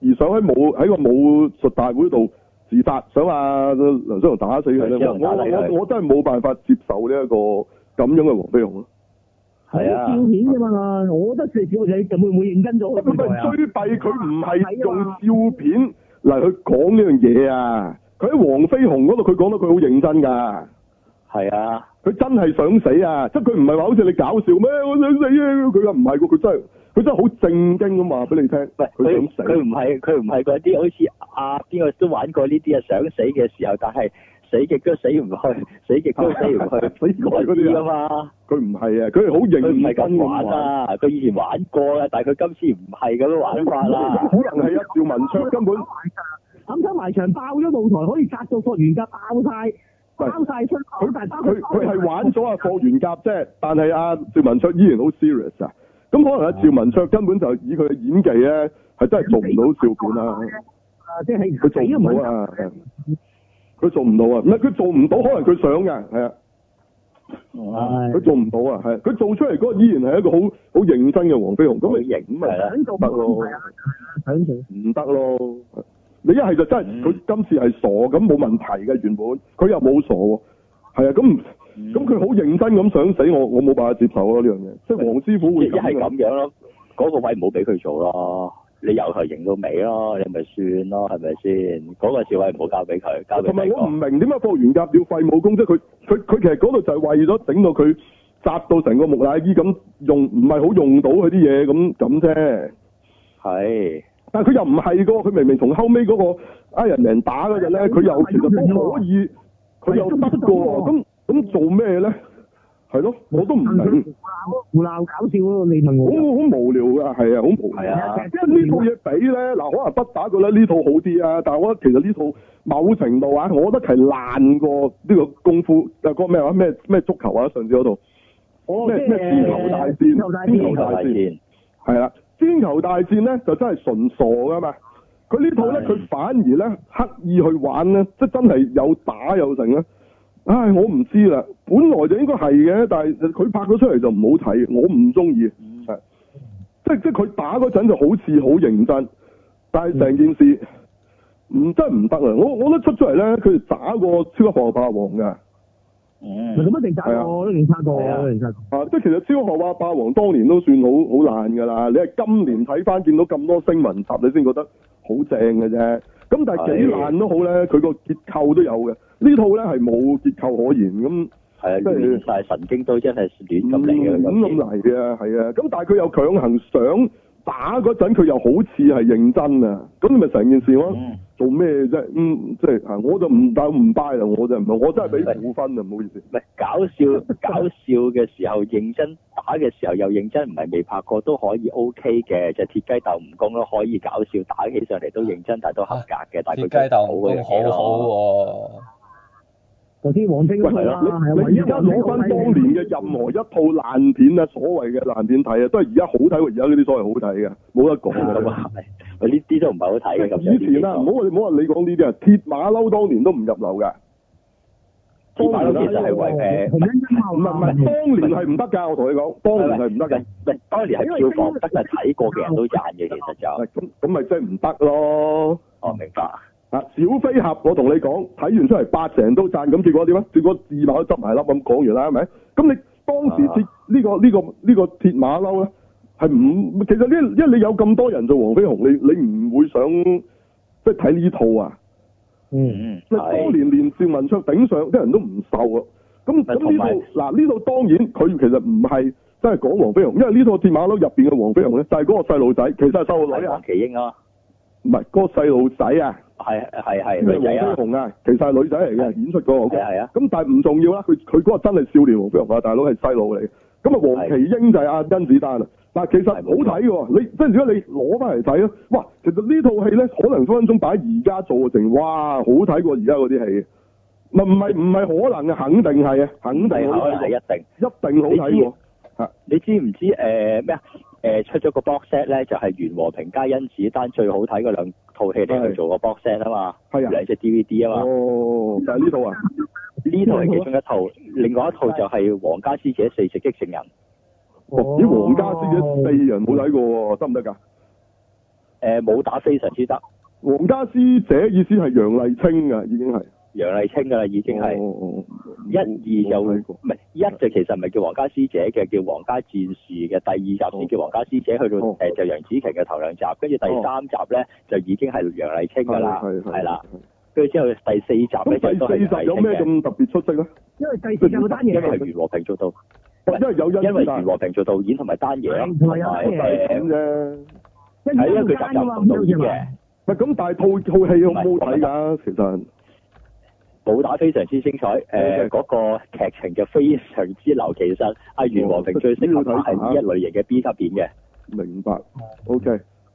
而想喺武喺個武術大會度自殺，想啊，啊梁小龍打死佢咧、嗯，我我我，我真係冇辦法接受呢、這、一個。咁樣嘅黃飛鴻咯，係啊，照片噶嘛，啊、我覺得照就會唔會認真咗？咁咪追斃佢？佢唔係用照片嚟去講呢樣嘢啊！佢喺黃飛鴻嗰度，佢講得佢好認真噶，係啊，佢真係想死啊！即係佢唔係話好似你搞笑咩？我想死啊！佢又唔係噶，佢真係，佢真係好正經咁話俾你聽。佢想死。佢唔係，佢唔係嗰啲好似阿邊個都玩過呢啲啊，想死嘅時候，但係。死極都死唔去，死極都死唔去，所以嗰啲啊嘛。佢唔係啊，佢係好型。佢唔係咁玩啊！佢以前玩過啦、啊， 但係佢今次唔係咁玩啦、啊。可能係啊。趙文卓根本。冚出埋牆，爆咗露台，可以砸到霍元甲爆晒。爆曬出佢佢佢係玩咗阿霍元甲啫， 但係阿趙文卓依然好 serious 啊！咁、嗯、可能阿趙文卓根本就以佢嘅演技咧，係真係做唔到笑片啊！ 啊，即係佢做都冇啊！佢做唔到啊！唔係佢做唔到，可能佢想嘅，係啊。佢、哎、做唔到啊！係佢做出嚟嗰個依然係一個好好認真嘅黃飛鴻咁型，咁咪唔得咯？唔得咯，咯，咯！你一係就真係佢今次係傻咁冇問題嘅原本，佢又冇傻喎。係啊，咁咁佢好認真咁想死我，我冇辦法接受咯、啊、呢樣嘢。即係黃師傅會一係咁樣咯，嗰、那個位唔好俾佢做囉。你由佢影到尾咯，你咪算咯，係咪先？嗰、那個笑位唔好交俾佢，交俾。同埋我唔明點解霍元甲要廢武功，即係佢佢佢其實嗰度就係為咗整到佢紮到成個木乃伊咁用，唔係好用到佢啲嘢，咁咁啫。係，但係佢又唔係個，佢明明同後尾嗰個阿人明打嗰陣咧，佢又其實可以，佢又得個，咁咁做咩咧？係咯，我都唔明。胡鬧搞笑咯，你問我。好，好無聊噶，係啊，好無聊。啊，其實即係呢套嘢比咧，嗱、啊，可能不打佢咧，呢套好啲啊。但係我覺得其實呢套某程度啊，我覺得係爛過呢個功夫，又個咩啊，咩咩足球啊，上次嗰度。咩、哦、咩？天球大戰，天球大戰。係啦，天球大戰咧，戰戰戰戰戰戰就真係純傻噶嘛。佢呢套咧，佢反而咧刻意去玩咧，即、就、係、是、真係有打有剩啊！唉，我唔知啦，本來就應該係嘅，但係佢拍咗出嚟就唔好睇，我唔中意，係，即係即係佢打嗰陣就好似好認真，但係成件事唔、嗯、真唔得啊！我我都出出嚟咧，佢打過超級荷霸王噶。哦、嗯，咪咁一定差過，都定差過、啊，啊，其實即係其實蕭何啊，霸王當年都算好好爛噶啦，你係今年睇翻見到咁多星文集，你先覺得好正嘅啫。咁但係幾爛都好咧，佢、啊、個結構都有嘅。呢套咧係冇結構可言咁，係啊，跟住但係神經都真係亂咁嚟嘅咁。咁咁嚟嘅，係啊，咁但係佢又強行想。打嗰陣佢又好似係認真啊，咁你咪成件事咯，嗯、做咩啫？嗯，即係啊，我就唔鬥唔 buy 啦，我就唔，我真係俾五分啊，唔好意思，唔係搞笑，搞笑嘅時候認真，打嘅時候又認真，唔係未拍過都可以 O K 嘅，就係、鐵雞鬥蜈蚣咯，可以搞笑，打起上嚟都認真，但都合格嘅，啊、但佢幾好嘅好。係啦、啊，而家攞翻當年嘅任何一套爛片，爛片啊，所謂嘅爛片睇啊，都係而家好睇，或而家嗰啲所謂好睇嘅，冇得講嘅咁啊！呢啲都唔係好睇嘅咁。以前這啊，唔好你唔好話你講呢啲啊，鐵馬騮當年都唔入流嘅。當年係為誒，唔係唔係，當年係唔得噶。我同你講，當年係唔得嘅。當年係票房得係睇過嘅人都讚嘅、啊，其實就咁咪即係唔得咯。我明白。小飛俠，我同你講，睇完出嚟八成都讚咁，結果點啊？結果字馬都執埋粒咁講完啦，係咪？咁你當時接、啊這個這個這個、呢個呢個呢個鐵馬騮咧，係唔其實呢？因為你有咁多人做黃飛鴻，你你唔會想即係睇呢套啊？嗯，係當年年趙文卓頂上啲人都唔受啊。咁咁呢套嗱呢套當然佢其實唔係真係講黃飛鴻，因為套鐵呢套鐵馬騮入邊嘅黃飛鴻咧就係、是、嗰個細路仔，其實係收個女。麒英啊，唔係嗰個細路仔啊。係係係女仔啊！黃飛鴻啊，其實係女仔嚟嘅，演出過係、okay? 啊。咁但係唔重要啦，佢佢嗰個真係少年黃飛鴻啊，大佬係細佬嚟嘅。咁啊，黃麒英就係阿甄子丹啊。嗱，其實好睇嘅，你即係如果你攞翻嚟睇咯。哇，其實這戲呢套戲咧，可能分分鐘擺而家做成，哇，好睇過而家嗰啲戲。唔唔係唔係可能啊，肯定係啊，肯定好一定一定好睇。吓，你知唔、啊、知誒咩？呃咩誒、呃，出咗個 box set 咧，就係袁和平加甄子丹最好睇嗰兩套戲嚟去做個 box set 啊嘛，係啊，兩隻 D V D 啊嘛。哦，就係呢套啊？呢套係其中一套， 另外一套就係《皇家師姐四只激情人》哦哦。咦，啲皇家師姐四人冇睇過喎，得唔得噶？誒、呃，冇打非常之得。皇家師姐意思係楊麗菁啊，已經係。楊麗清噶啦，已經係一二，就唔係一，就其實唔係叫皇家師姐嘅，叫皇家戰士嘅。第二集先叫皇家師姐，去到誒就楊紫瓊嘅頭兩集，跟住第三集咧就已經係楊麗清噶啦，係、嗯、啦。跟住之後第四集咧，都係第四集有咩咁特別出色呢？因為第四集有單爺，一個係袁和平做到，因為有因，但係因為袁和平做導演同埋單爺，唔係有因嘅，係一個單人導演嘅。係咁，但係套套戲好好睇噶，其實。武打非常之精彩，誒、okay. 嗰、呃那個劇情就非常之流，其實阿袁和平最適合拍係呢一類型嘅 B 級片嘅、哦。明白。O K，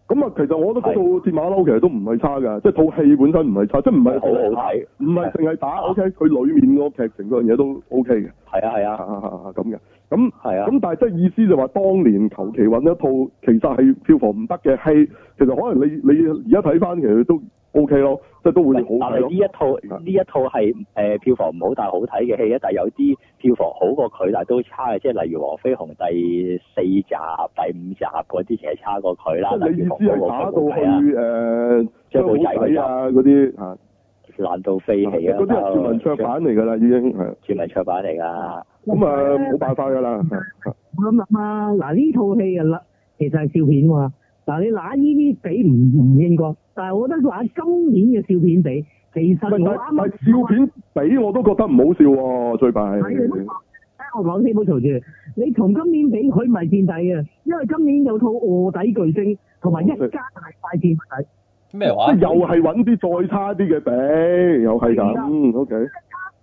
咁啊，其實我覺得嗰套鐵馬騮其實都唔係差㗎，即係套戲本身唔係差，即係唔係好好睇，唔係淨係打。O K，佢裡面嗰個劇情嗰樣嘢都 O K 嘅。係啊係啊。係係咁嘅。咁、啊、咁、啊、但係即係意思就話，當年求其揾一套其實係票房唔得嘅戲，其實可能你你而家睇翻其實都～O K 咯，即係都會好、呃、好，但係呢一套呢一套係誒票房唔好，但係好睇嘅戲，但係有啲票房好過佢，但係都差嘅，即係例如《黃飛鴻》第四集、第五集嗰啲，其實差過佢啦。例如黃飛鴻係打到去即係冇仔啊嗰啲爛到飛起啊！嗰啲係全民唱版嚟㗎啦，已經係全民唱版嚟㗎。咁、嗯嗯嗯嗯、啊，冇辦法㗎啦。我諗啊，嗱呢套戲啊啦，其實係笑片喎、啊。嗱你攞呢啲比唔唔應該，但係我覺得攞今年嘅笑片比，其實都啱。但但笑片比我都覺得唔好笑喎、啊，最弊。睇我講呢部嘈住，你同今年比佢唔係墊底嘅，因為今年有套臥底巨星同埋一家大快墊底咩話？即又係搵啲再差啲嘅比，又係咁。OK。Okay.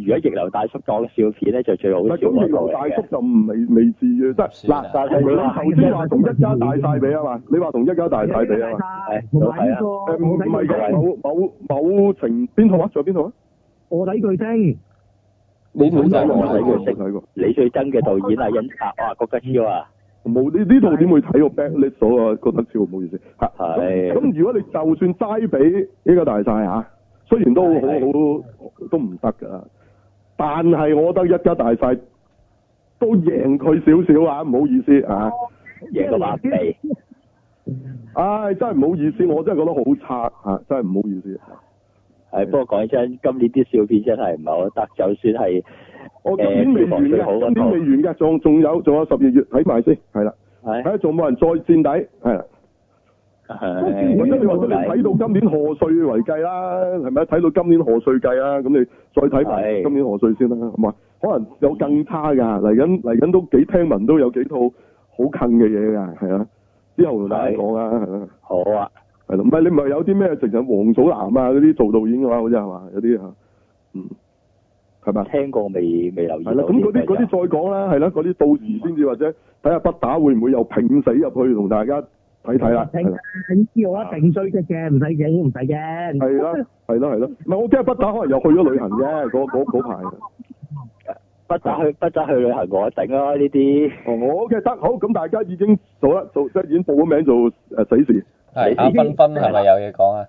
如果逆流大叔講笑片咧，就最好笑。咁，逆流大叔就未未至於，即係嗱，但係佢頭先話同一家大晒比啊嘛，你話同一家大晒比啊嘛，冇睇、那個、啊，誒唔係某某某情邊套啊？仲有邊套啊？我睇巨星，冇冇睇過卧底巨星你睇過最憎嘅導演啊，引啊，郭、啊、嘉、啊啊那個、超啊，冇呢呢套點會睇喎？逼索啊，郭嘉超唔好意思嚇咁如果你就算齋比呢家大晒嚇。雖然都好好都唔得噶，但係我覺得一家大細都贏佢少少啊！唔好意思啊，贏個話俾你。唉、哎，真係唔好意思，我真係覺得好差啊！真係唔好意思。係，不過講真，今年啲笑片真係唔係好得，就算係，我今年未完噶、呃，今年未完噶，仲仲有仲有十二月睇埋先，係啦，係，仲冇人再墊底，係啦。係，唔好睇。睇到今年賀歲為計啦，係咪睇到今年賀歲計啦，咁你再睇埋今年賀歲先啦，係嘛？可能有更差噶，嚟緊嚟緊都幾聽聞都有幾套好近嘅嘢噶，係啊。之後再講啊，係嘛？好啊，係咯，唔係你唔係有啲咩成日黃祖藍啊嗰啲做導演嘅話，好似係嘛？有啲啊，嗯，係嘛？聽過未？未留意到啲。咁嗰啲啲再講啦，係啦，嗰啲、嗯、到時先至或者睇下北打會唔會又拼死入去同大家。睇睇啦，定定知我一定追擊嘅，唔使驚，唔使驚。係啦，啊，係啦，啊，係啦，啊。唔係，啊、我驚阿不打可能又去咗旅行啫，嗰、啊、排。不、啊啊、打去不打去旅行，我一定啊，呢啲。我好嘅，得、okay,，好，咁大家已經做啦，做即係已經報咗名做誒死線。係阿分分係咪有嘢講啊？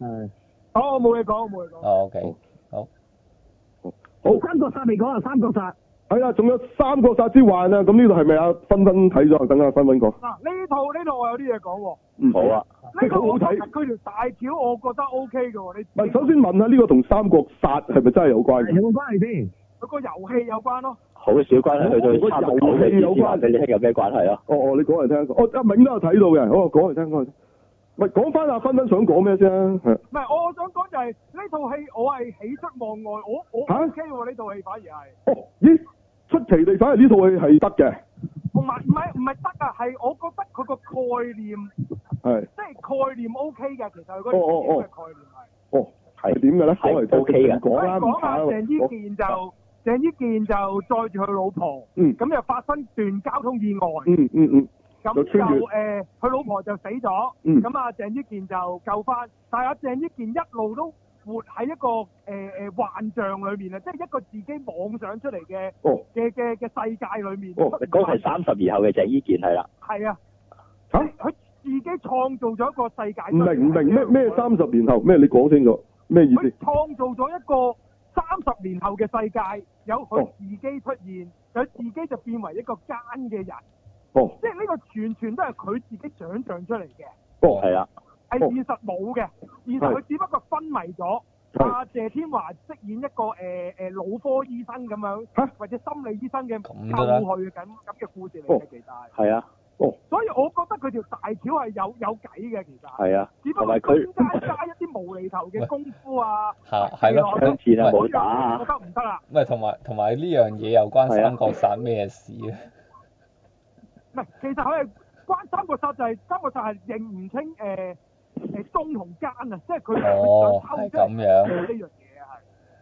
係，我冇嘢講，冇嘢講。哦，哦，OK，好，好。好，三國殺未講啊？三國殺。係啊，仲有《三國殺之幻》啊，咁呢度係咪啊？分分睇咗？等下分分講。嗱，呢套呢套我有啲嘢講喎。好啊，呢、這、係、個、好睇。佢條大橋，我覺得 O K 嘅喎。係，首先問下呢、這個同《三國殺》係咪真係有關？有關係先，佢個遊戲有關咯。好少關係，你個遊戲有關係，你聽有咩關係啊？哦哦，哦，你講嚟聽。我阿銘都有睇到嘅，我講嚟聽。唔係，講翻阿分分想講咩先，唔係，我想講就係、是、呢套戲，我係喜出望外，我我 O K 呢套戲反而係、啊哦。咦？出奇地反而呢套戲係得嘅，同埋唔係唔係得㗎，係我覺得佢個概念係，即係概念 OK 嘅，其實佢個主要嘅概念係，哦係點嘅咧？我嚟到直接講啦，講下鄭伊健就鄭伊健就載住佢老婆，嗯，咁又發生段交通意外，嗯嗯嗯，咁就誒，佢老婆就死咗，咁啊鄭伊健就救返，但係阿鄭伊健一路都。活喺一個誒誒、呃、幻象裏面啊，即係一個自己妄想出嚟嘅，嘅嘅嘅世界裏面。哦，你講係三十年後嘅鄭伊健係啦。係啊。吓、啊？佢、啊、自己創造咗一個世界。唔明唔明？咩咩三十年後咩？咩你講清楚咩意思？創造咗一個三十年後嘅世界，有佢自己出現，佢、哦、自己就變為一個奸嘅人。哦。即係呢個全全都係佢自己想象出嚟嘅。哦，係啊。係現實冇嘅，現實佢只不過昏迷咗。阿謝天華飾演一個誒誒腦科醫生咁樣，或者心理醫生嘅過去咁咁嘅故事嚟嘅，其實係、哦、啊、哦。所以我覺得佢條大橋係有有計嘅，其實係啊。只不過點解加一啲無厘頭嘅功夫啊？吓係咯，充錢啦，冇打啊！唔得唔得啦！唔係同埋同埋呢樣嘢又關三國殺咩事的啊？唔係，其實佢係關三國殺就係、是、三國殺係認唔清誒。呃誒，是哦，是是忠同奸啊，即係佢佢就抄出咗呢樣嘢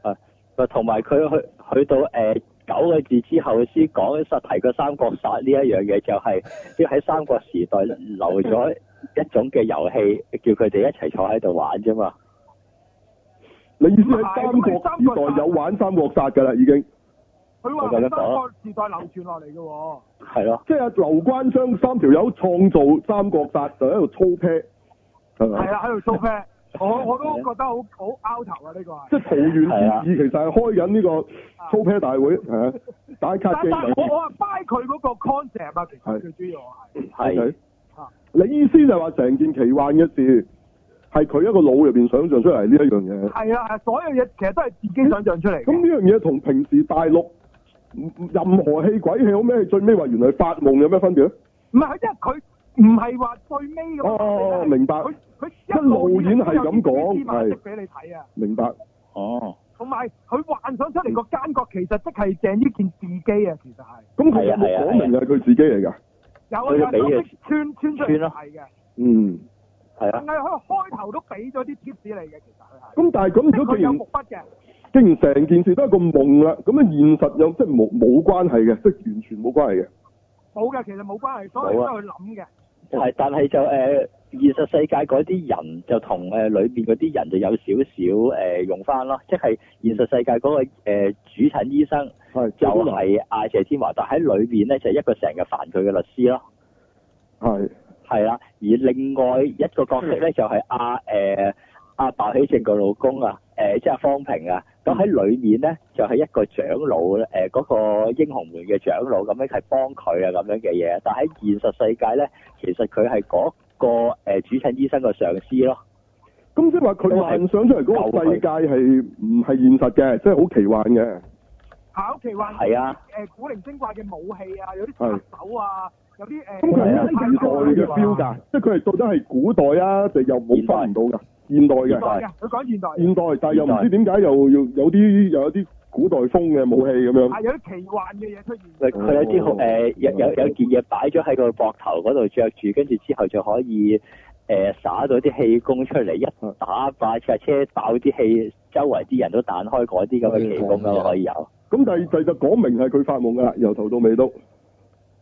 啊，係。同埋佢去去到誒、呃、九個字之後說，先講實提個三國殺呢一樣嘢，就是，就係要喺三國時代留咗一種嘅遊戲， 叫佢哋一齊坐喺度玩啫嘛。你意思喺三國時代有玩三國殺噶啦，已經？佢話三國時代流傳落嚟嘅。係、啊、咯，即係劉關張三條友創造三國殺，就喺度操啤。係啊，喺度 show pair，我我都覺得好好 out 頭啊！呢個係即係桃源其實係開緊呢個 show pair 大會嚇，大家傾。我我話掰佢嗰個 concept 我、okay. 啊。其實最主要，係係。你意思就係話成件奇幻嘅事係佢一個腦入邊想像出嚟呢一樣嘢？係啊,啊，所有嘢其實都係自己想像出嚟。咁、欸、呢樣嘢同平時大陸任何戲鬼戲好咩？最尾話原來發夢有咩分別？唔係，即係佢唔係話最尾。哦，明白。佢一路，是紙紙紙紙紙路演係咁講，俾你睇啊，明白哦。同埋佢幻想出嚟個奸角，其實，實即係正呢件自己啊，其實係。咁佢有冇講明係佢自己嚟噶？有啊，有啊，穿穿出嚟係嘅。嗯，係啊。但係佢開頭都俾咗啲貼士嚟嘅，其實係。咁但係咁，如果既然成件事都係個夢啦，咁啊現實又即係冇冇關係嘅，即係完全冇關係嘅。冇嘅，其實冇關係，所以都去諗嘅。係，但係就誒。呃現實世界嗰啲人就同誒裏面嗰啲人就有少少誒用翻咯，即係現實世界嗰、那個誒、呃、主診醫生就是、啊，就係阿謝天華，但喺裏面咧就係一個成日煩佢嘅律師咯。係係啦，而另外一個角色咧就係阿誒阿鮑起靜個老公啊，誒、呃、即係、啊、方平啊，咁喺裏面咧就係、是、一個長老誒嗰、呃那個英雄門嘅長老，咁樣係幫佢啊咁樣嘅嘢，但喺現實世界咧，其實佢係嗰。個誒、呃、主診醫生個上司咯，咁即係話佢幻想出嚟嗰個世界係唔係現實嘅，即係好奇幻嘅，好、啊、奇幻？係啊，誒、呃、古靈精怪嘅武器啊，有啲殺手啊，有啲誒，咁佢係古代嘅標價，即係佢係到底係古代啊，定又冇翻唔到㗎，現代嘅，佢講、啊、現代，現代，現代，現代，現代但係又唔知點解又要有啲又有啲。古代風嘅武器咁樣，係、啊、有啲奇幻嘅嘢出現。佢有啲好誒，有有有件嘢擺咗喺佢膊頭嗰度着住，跟住之後就可以誒灑、呃、到啲氣功出嚟，一打把車車爆啲氣，周圍啲人都彈開嗰啲咁嘅奇功咁就可以有。咁、嗯嗯嗯嗯嗯嗯、第第、嗯、就講明係佢發夢㗎啦，由頭到尾都。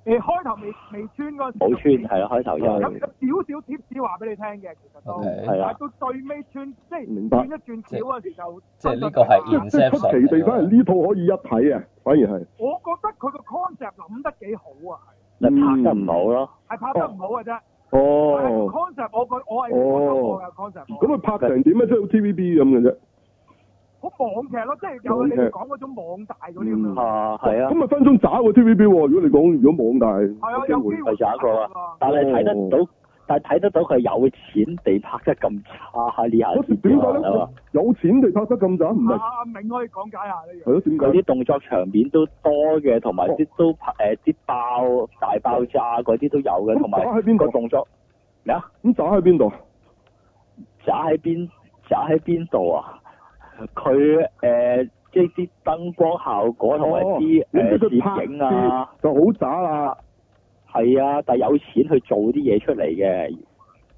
誒開頭未未穿嗰陣時，冇穿係咯，開頭,開頭因為有有少少貼紙話俾你聽嘅，其實都係啦，okay. 但到最尾穿即係轉一轉條嗰陣時就,就即係呢個係即即出奇地反而呢套可以一睇啊，反而係。我覺得佢個 concept 諗得幾好啊，你、嗯、拍得唔好咯，係拍得唔好嘅啫。哦，concept 我個我係、哦、concept 我。咁、哦、佢、哦、拍成點啊，即係 TVB 咁嘅啫。網劇咯，即係有你哋講嗰種網大嗰啲咯。嗯，係啊。咁咪、啊、分鐘渣個 T V B 喎。TVB, 如果你講如果網大，係啊，有機會係渣個，但係睇得到，哦、但係睇得到佢有錢地拍得咁差呢，下字幕係嘛？有錢地拍得咁渣，唔、啊、係。阿、啊、明可以講解下、啊、呢？佢點解？啲動作場面都多嘅，同埋啲都拍誒啲爆大爆炸嗰啲都有嘅，同、啊、埋。渣喺邊個動作？咩啊？咁渣喺邊度？渣喺邊？渣喺邊度啊？佢誒、呃、即係啲燈光效果同埋啲誒攝影啊，就好渣啦。係啊，但係有錢去做啲嘢出嚟嘅，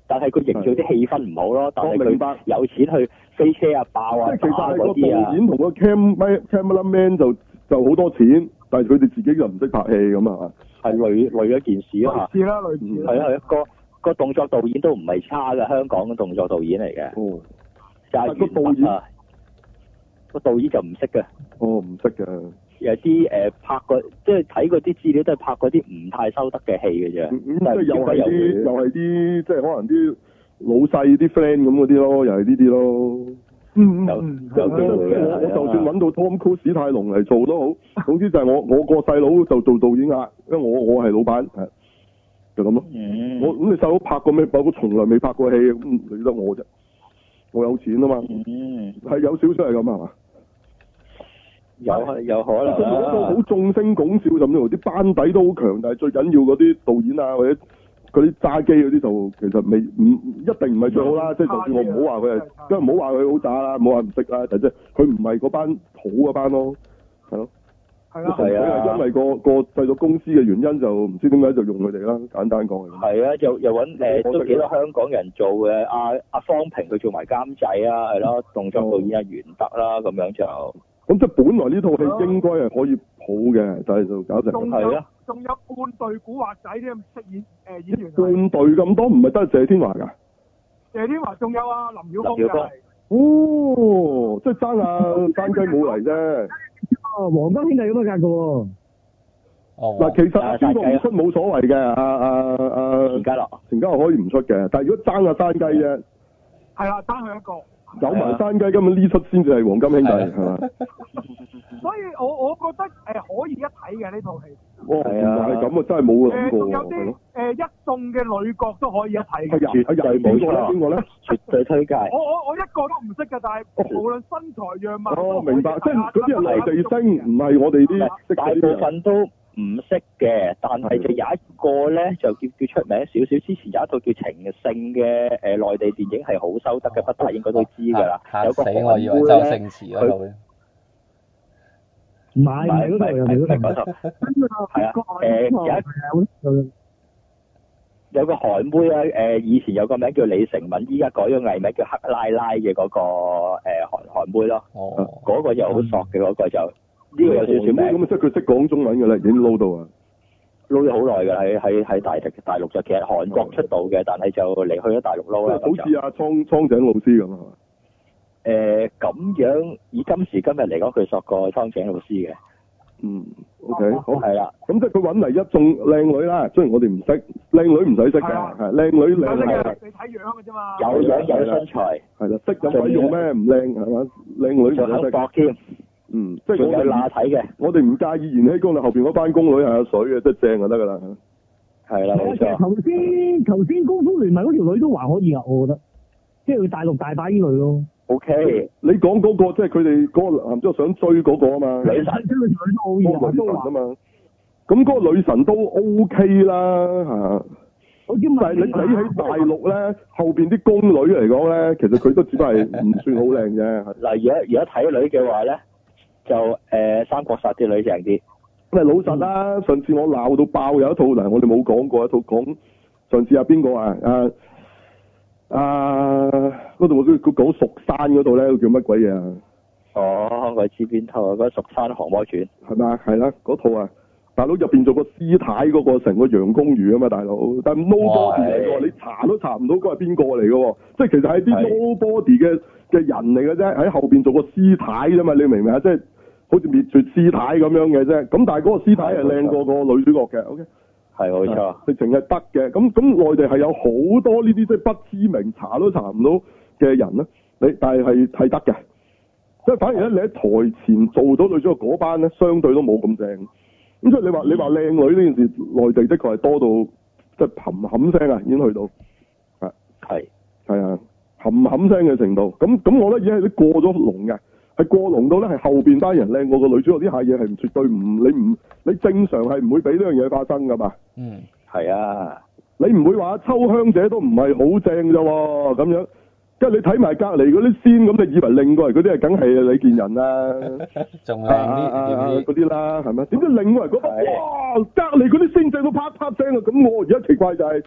但係佢營造啲氣氛唔好咯。但係有錢去飛車啊、爆啊、炸嗰啲啊。即、啊、導演同個 cam、啊、cameraman 就就好多錢，但係佢哋自己又唔識拍戲咁啊。係累累一件事啊。類似啦，類似。係啊係啊，個個、啊、動作導演都唔係差嘅，香港嘅動作導演嚟嘅、嗯。就係、係啊、個導導演就唔識嘅，哦唔識嘅，有啲誒、呃、拍嗰即係睇嗰啲資料都係拍嗰啲唔太收得嘅戲嘅啫、嗯。即係又係啲又係啲，即係可能啲老細啲 friend 咁嗰啲咯，又係呢啲咯。啊、我就算揾到 Tom Cruise、啊、史泰龍嚟做都好，總之就係我我個細佬就做導演啦，因為我我係老闆，就咁咯。我咁你細佬拍過咩？拍過從來未拍過戲，咁理得我啫。我有錢啊嘛，係有少少係咁啊嘛。有係有可能啊！即係好眾星拱照咁樣，啲班底都好強，但係最緊要嗰啲導演啊，或者嗰啲揸機嗰啲就其實未唔一定唔係最好啦。即係、就係、就算我唔好話佢啊，即係唔好話佢好渣啦，唔好話唔識啦，即係佢唔係嗰班好嗰班咯，係咯。係啊，係啊。佢係因為、嗰個、嗰個製作公司嘅原因，就唔知點解就用佢哋啦。簡單講係。係啊，又又揾誒都幾多香港人做嘅。阿、啊、阿、啊、方平佢做埋監製啊，係咯、嗯，動作導演啊，袁德啦咁樣就。咁即係本來呢套戲應該係可以好嘅，但係、啊、就是、搞成係啦。仲有，、啊、有半隊古惑仔咁飾演誒、呃、演員。半隊咁多，唔係得謝天華噶。謝天華仲有啊，林曉峰。哦，即係爭啊，山 雞冇嚟啫。哦，黃金兄弟有乜嘢噶？哦。嗱，其實阿朱國唔出冇所謂嘅，啊，啊，啊，陳嘉樂可以唔出嘅，但係如果爭啊， 啊，山雞啫。咧，係啦，爭佢一個。啊、走埋山雞，咁日呢出先至係黃金兄弟，啊啊啊、 所以我我覺得、呃、可以一睇嘅呢套戲。哇、啊，原來係咁啊，真係冇諗過、呃、有啲一眾嘅、呃呃呃、女角可都，哦、都可以一睇嘅人。係啊，邊個咧？絕對推介我我我一個都唔識㗎，但係無論身材樣貌都。哦，明白，即係嗰啲人嚟地星，唔係我哋啲大部分都。唔識嘅，但係就有一個咧，就叫叫出名少少。之前有一套叫《情聖》嘅，誒內地電影係好收得嘅，不打應該都知㗎啦。嚇死我以為周星馳嗰套。唔係嗰個，係嗰個。係啊，誒有一有有個韓妹啦，誒以前有個名叫李成敏，依家改咗藝名叫克拉拉嘅嗰個誒韓韓妹咯。哦，嗰個就好索嘅嗰個就。呢、這個又算咩咁，即係佢識講中文嘅咧，已經撈到啊！撈咗好耐嘅喺喺喺大陸大陸就其實韓國出道嘅，但係就離去咗大陸撈好似阿蒼蒼井老師咁啊！咁、呃、樣以今時今日嚟講，佢索過蒼井老師嘅。嗯，OK，好係啦。咁即係佢揾嚟一眾靚女啦，雖然我哋唔識靚女唔使識嘅，靚女靚你睇樣啫嘛，有樣有身材啦，識咗鬼用咩唔靚係嘛？靚女就使嗯，即係我哋乸睇嘅，我哋唔介意燃。延禧宮裏後邊嗰班宮女係阿水嘅，即係正就得噶啦。係啦，冇錯。其實頭先頭先功夫聯盟嗰條女都還可以啊，我覺得，即係大陸大把呢女咯。O、okay, K，、okay. 你講嗰個即係佢哋嗰個，男仔即係想追嗰個啊嘛？想追女女都好易啊嘛。咁嗰、啊嗯那個女神都 O、OK、K 啦吓、啊。我今日，但、就是、你睇起大陸咧，後邊啲宮女嚟講咧，其實佢都只係唔算好靚啫。嗱， 而家而家睇女嘅話咧。就誒、呃《三國殺》啲女正啲，咁咪老實啦！上次我鬧到爆有一套嚟、嗯，我哋冇講過一套講上次阿邊個啊？啊啊嗰度我知佢講《蜀、那個那個那個、山》嗰度咧，叫乜鬼嘢啊？哦，未知邊套啊我知邊套啊？嗰《蜀山降魔傳》係咪啊？係啦，嗰套啊，大佬入邊做個師太嗰、那個成個楊公瑜啊嘛，大佬但 no body 嚟、哎、喎，你查都查唔到佢係邊個嚟嘅喎，即係其實係啲 no body 嘅嘅人嚟嘅啫，喺後邊做個師太啫嘛，你明唔明啊？即係。好似滅絕師太咁樣嘅啫，咁但係嗰個師太係靚過個女主角嘅，OK？係我錯，佢淨係得嘅，咁咁內地係有好多呢啲即係不知名查都查唔到嘅人啦，你但係係係得嘅，即係反而咧你喺台前做咗女主角嗰班咧，相對都冇咁正，咁所以你話你話靚女呢件事內地的確係多到即係冚冚聲啊，已經去到，係係係啊，冚冚聲嘅程度，咁咁我覺得已經係啲過咗龍嘅。係過龍到咧，係後邊班人靚我個女主角啲下嘢，係唔絕對唔你唔你正常係唔會俾呢樣嘢發生噶嘛。嗯，係啊，你唔會話秋香姐都唔係好正咋？咁樣，即係你睇埋隔籬嗰啲仙咁，就以為另過嚟嗰啲係梗係李健仁啊仲啊啊嗰啲啦，係咪？點解另過嚟覺得哇，隔籬嗰啲先正都啪啪聲啊？咁我而家奇怪就係。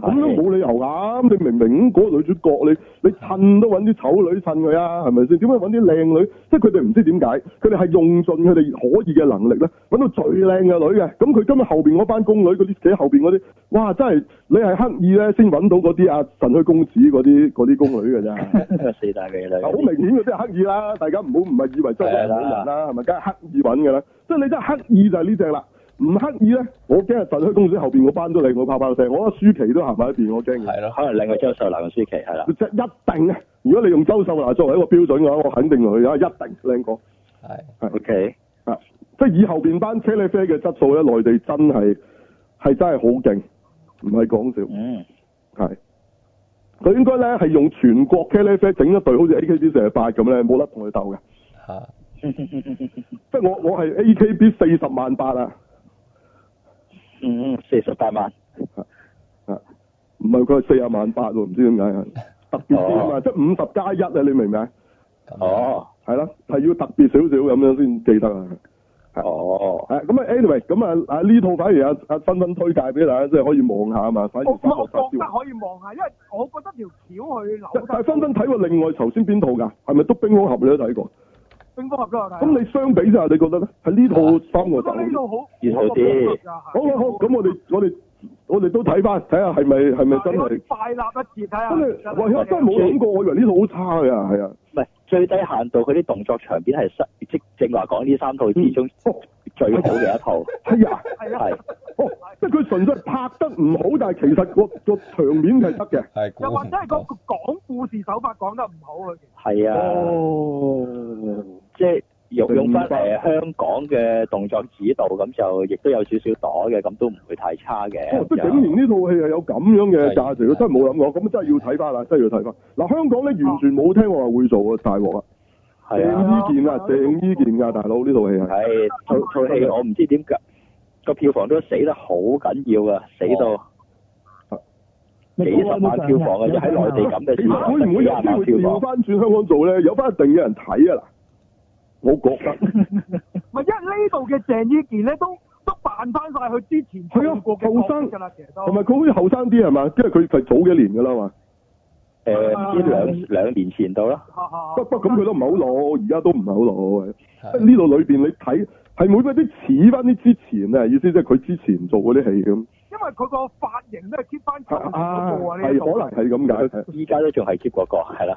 咁都冇理由噶你明明嗰個女主角你，你你襯都揾啲醜女襯佢啊，係咪先？點解揾啲靚女？即係佢哋唔知點解，佢哋係用盡佢哋可以嘅能力咧，揾到最靚嘅女嘅。咁佢今日後邊嗰班宮女嗰啲，企喺後邊嗰啲，哇！真係你係刻意咧，先揾到嗰啲啊，神虛公子嗰啲、嗰啲宮女嘅啫。四大美女。好明顯嘅，即係刻意啦。大家唔好唔係以為真係好人啦，係咪？梗係刻意揾噶啦。即係你真係刻意就係呢隻啦。唔刻意咧，我驚啊！就喺公司後邊嗰班都靚，我怕怕聲。我覺得舒淇都行埋一邊，我驚。係啦，可能另一個周秀娜嘅舒淇，係啦。即係一定啊！如果你用周秀娜作為一個標準嘅話，我肯定佢啊，一定靚過。係，OK，啊，即係以後邊班茄喱啡嘅質素咧，內地真係係真係好勁，唔係講笑。嗯，係。佢應該咧係用全國茄喱啡整一隊，好似 A K B 四十八咁咧，冇得同佢鬥嘅。吓，即係我我係 A K B 四十萬八啊！ 嗯四十八萬，啊唔係佢係四廿萬八喎，唔、啊、知點解，特別啲嘛，即係五十加一啊，你明唔明？哦、啊，係啦係要特別少少咁樣先記得啊。哦、啊、哦，係咁、anyway, 啊 w a y d 咁啊啊呢套反而阿阿分分推介俾大家，即係可以望下啊嘛。反而我覺得可以望下，因為我覺得條橋去留。但係分分睇過，另外頭先邊套噶？係咪《督冰封俠》你都睇過？咁你相比就係？你覺得咧？喺呢套三個套中，呢、啊、套好然啲。好啦好，好，咁、嗯、我哋、嗯、我哋我哋都睇翻，睇下係咪係咪真係？快立一截睇下。真係，喂我真係冇諗過，我以為呢套好差噶，係啊。唔係最低限度，佢啲動作場面係失正正話講呢三套其中、嗯哦，最好嘅一套。係、哎、啊，係啊。係、哦。即係佢純粹拍得唔好，但係其實個個場面係得嘅。係。又或者係、個講故事手法講得唔好啊？係啊。哦。嗯即、就、係、是，用用翻誒香港嘅動作指導，咁就亦都有少少袋嘅，咁都唔會太差嘅。即係整年呢套戲係有咁樣嘅價值，的真係冇諗過，咁真係要睇翻啦，真係要睇翻。嗱，香港咧完全冇聽我話會做啊，大鑊啊，鄭伊健啊，鄭伊健啊大佬呢套戲啊，係套套戲我唔知點解。個票房都死得好緊要啊、哦，死到幾十萬票房在內啊！喺內地咁嘅票房，會唔會有票房？調翻轉香港做咧？有翻一定有人睇啊嗱？我覺得咪 因為呢度嘅鄭伊健咧，都都扮翻晒佢之前佢啊後生噶啦，同埋佢好似後生啲係嘛？因為佢係早幾年噶啦嘛。誒、啊，呢兩兩年前度啦、啊啊，不不咁佢都唔係好老，而家都唔係好老。呢度裏邊你睇係每個都似翻啲之前啊，意思即係佢之前做嗰啲戲咁。因為佢個髮型咧 keep 翻啊，係、啊這個，可能係咁解，依家呢仲係 keep 個係啦。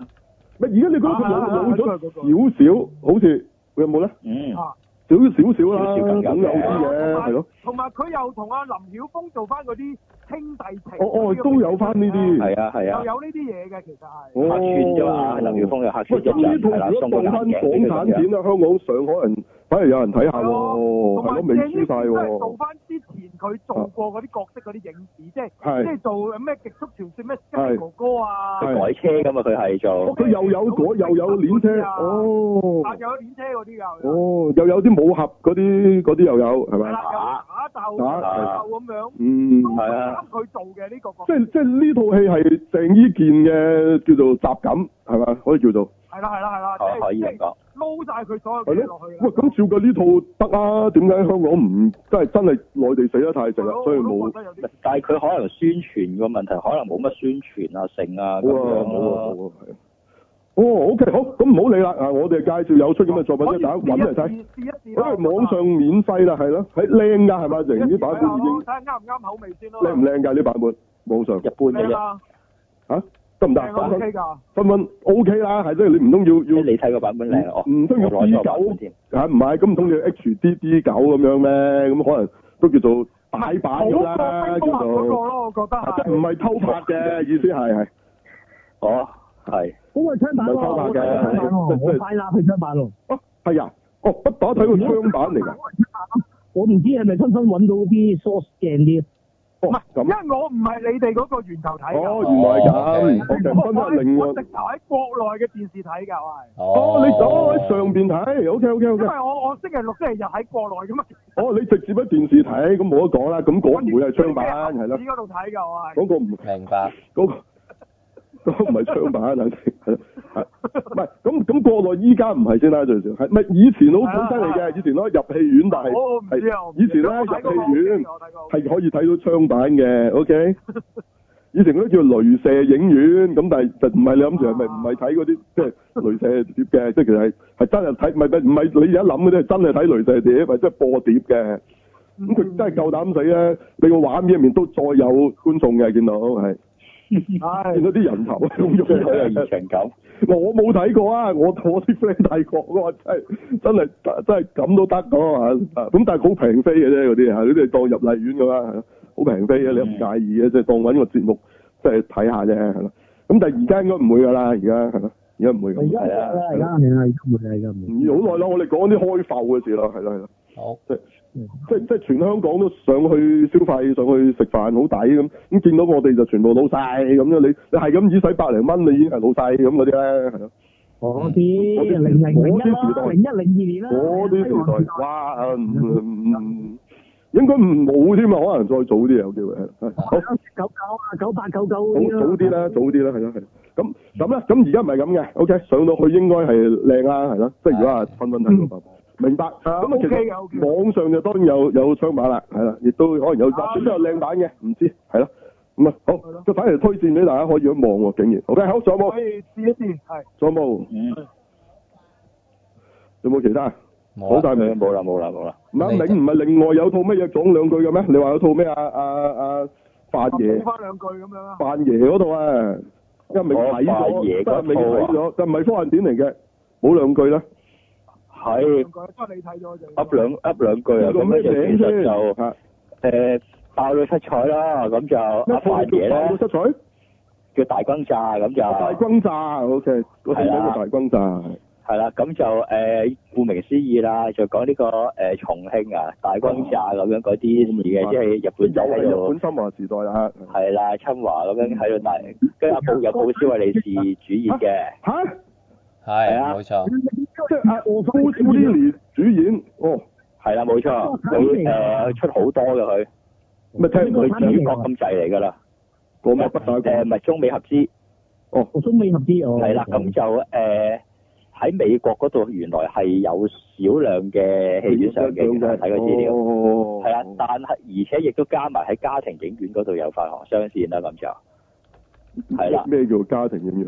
咪而家你覺得佢老咗少少，好似。佢有冇咧？嗯，小小少少少啦，梗有啲嘢，係咯。同埋佢又同阿林曉峰做翻嗰啲。兄弟情，哦、哦都有翻呢啲係啊，係啊，又有呢啲嘢嘅，其實係客串咗嘛，林月峰又客串咗，係啦，送翻啲港產片啦，香港上海人反而有人睇下喎，係咯，未輸晒喎。做翻之前佢做過嗰啲角色、嗰啲影子，即係即係做咩極速傳説咩？即係哥哥啊，佢改車咁啊，佢係做，佢又有改又有練車哦，又有練車嗰啲，又哦，又有啲武俠嗰啲、嗰啲又有係咪啊？打鬥、打鬥咁樣，嗯，係啊。佢做嘅呢、這個，即係即係呢套戲係鄭伊健嘅叫做集錦，係咪？可以叫做？係啦係啦係啦，即係即係撈曬佢所有嘅落去。喂，咁照計呢套得啊？點解香港唔即係真係內地死得太滯啦？所以冇。但係佢可能宣傳個問題，可能冇乜宣傳啊，成啊咁、啊、樣冇啊冇啊係。哦，OK，好，咁唔好理啦，啊，我哋介紹有出咁嘅作品，大家搵嚟睇。哎，網上免費啦，係咯，係靚噶，係咪啊？成啲版本，睇啱唔啱口味先咯。靚唔靚噶呢版本？網上一般嘅。吓得唔得？分分噶。分分 OK 啦，係即係你唔通要要？你睇個版本靚唔通要 D 九？吓，唔係，咁唔通要 H D D 九咁樣咩？咁可能都叫做擺版噶啦，叫做。偷拍嗰個咯，我覺得。唔係偷拍嘅、嗯、意思，係 係。哦。係，咁咪槍版咯、哦，我快啦去槍版咯。哦，係啊，哦不打睇個槍版嚟噶。我唔知係咪親身搵到啲 source 鏡啲。唔係，因為我唔係你哋嗰個源頭睇㗎！哦，原來係咁、哦 okay, okay, okay, okay,。我直頭喺國內嘅電視睇噶，我係。哦，啊、你走喺上邊睇，OK，OK，OK。Okay, okay, okay, 因為我我星期六、星期日喺國內㗎嘛。哦，你直接喺電視睇，咁冇得講啦。咁果唔會係槍版，係咯。喺嗰度睇噶，我係。嗰個唔平白。嗰個。都唔係槍版，係 咯， 係，咁咁國內依家唔係先啦，最少係以前好好犀利嘅以前都入戲院、啊、但係以前咧入戲院係、okay. 可以睇到槍版嘅，OK？ 以前都啲叫雷射影院，咁但係就唔係 你諗住係咪唔係睇嗰啲即係雷射碟嘅，即係其實係真係睇，唔係唔係你而家諗啲真係睇雷射碟，或、就、者、是、播碟嘅，咁、嗯、佢真係夠膽死咧！你個畫面入面都再有觀眾嘅，見到唉 見到啲人頭，好有嘅情感。 我冇睇過啊，我我啲 friend 睇過，我，我過真係真係真係，咁都得咯。咁但係好平飛嘅啫，嗰啲吓，你哋係當入麗院咁啊，好平飛嘅，你唔介意嘅，即係當搵個節目即係睇下啫。咁、啊、但係而家應該唔會噶啦，而家係咯，而家唔會。而家而家而家而家唔會。好耐咯，我哋講啲開埠嘅事咯，係咯係咯。好、即係。嗯、即即全香港都上去消費，上去食飯好抵咁，咁見到我哋就全部老晒。咁樣，你你係咁只使百零蚊，你已經係老晒。咁嗰啲咧。嗰啲零零零一零一零二年啦，嗰啲時，時代，哇，唔唔唔，應該唔冇添啊，可能再早啲有機會係。九九啊，九八九九咁樣。早啲啦，早啲啦，係咯係。咁咁咧，咁而家唔係咁嘅，O K，上到去應該係靚啦，係咯，即係而家係分分睇個明白，咁、嗯、其實的、OK、的網上就當然有有槍版啦，係啦，亦都可能有，全部都有靚版嘅，唔知，係咯，咁、嗯、啊，好，即反而推薦俾大家可以去望喎，竟然，OK，好，仲有冇？可以試一試，係，仲有冇，嗯，有冇其他？好大名，冇啦冇啦冇啦，阿明唔係另外有套咩嘢講兩句嘅咩？你話有套咩啊啊啊范爺，翻兩句咁樣，范爺嗰套啊，阿明睇咗，阿明睇咗、啊，就唔係科幻片嚟嘅，冇兩句啦。喺，你睇咗就噏兩句啊，咁咧就就、呃、爆到七彩啦，咁就啊嘢啲七彩叫大轟炸，咁就、啊啊啊、大轟炸，O K，我哋講大轟炸，係、okay，啦，咁就、呃、顧名思義啦，就講呢、這個、呃、重慶啊，大轟炸咁樣嗰啲嘢，即、啊、係、就是、日本喺度本侵華時代、啊、啦，係啦，侵華咁樣喺度大，跟阿布有報銷威利士主演嘅係啊，冇錯，即係阿阿布斯尼尼主演，哦，係啦、啊，冇錯，佢誒出好多嘅佢，咪睇佢主角咁滯嚟㗎啦，冇咩不嘅，誒，咪中美合資，哦，中美合資，哦，係、嗯、啦，咁就誒喺美國嗰度原來係有少量嘅戲院上映嘅，睇個資料，係啊、哦哦哦嗯，但係而且亦都加埋喺家庭影院嗰度有發行雙線啦、啊、咁就，係啦，咩叫家庭影院？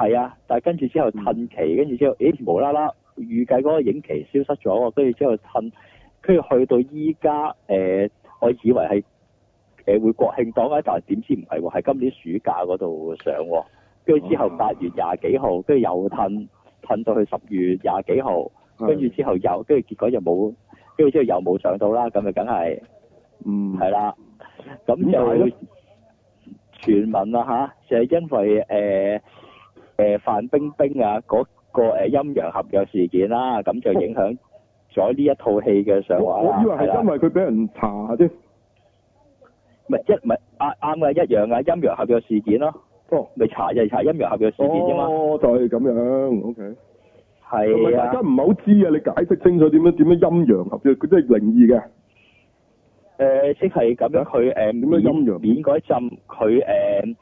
係啊，但係跟住之後褪期，跟住之後咦、欸、無啦啦預計嗰個影期消失咗，跟住之後褪，跟住去到依家誒，我以為係誒、呃、會國慶檔，但係點知唔係喎，係今年暑假嗰度上、啊，跟住之後八月廿幾號，跟住又褪，褪到去十月廿幾號，跟住之後又跟住結果又冇，跟住之後又冇上到啦，咁就梗係嗯係啦，咁、啊、就係傳聞啦、啊、吓，就係因為誒。呃誒，范冰冰啊，嗰個誒陰陽合約事件啦，咁就影響咗呢一套戲嘅上畫啦。我以為係因為佢俾人查下啫，唔係一唔係啱啱嘅一樣嘅陰陽合約事件咯。哦，咪查就係查陰陽合約事件啫嘛。就係咁樣，OK。係。唔係大家唔好知啊！你解釋清楚點樣點樣陰陽合約，佢都係靈異嘅。誒，即係咁樣，佢誒染染嗰陣，佢誒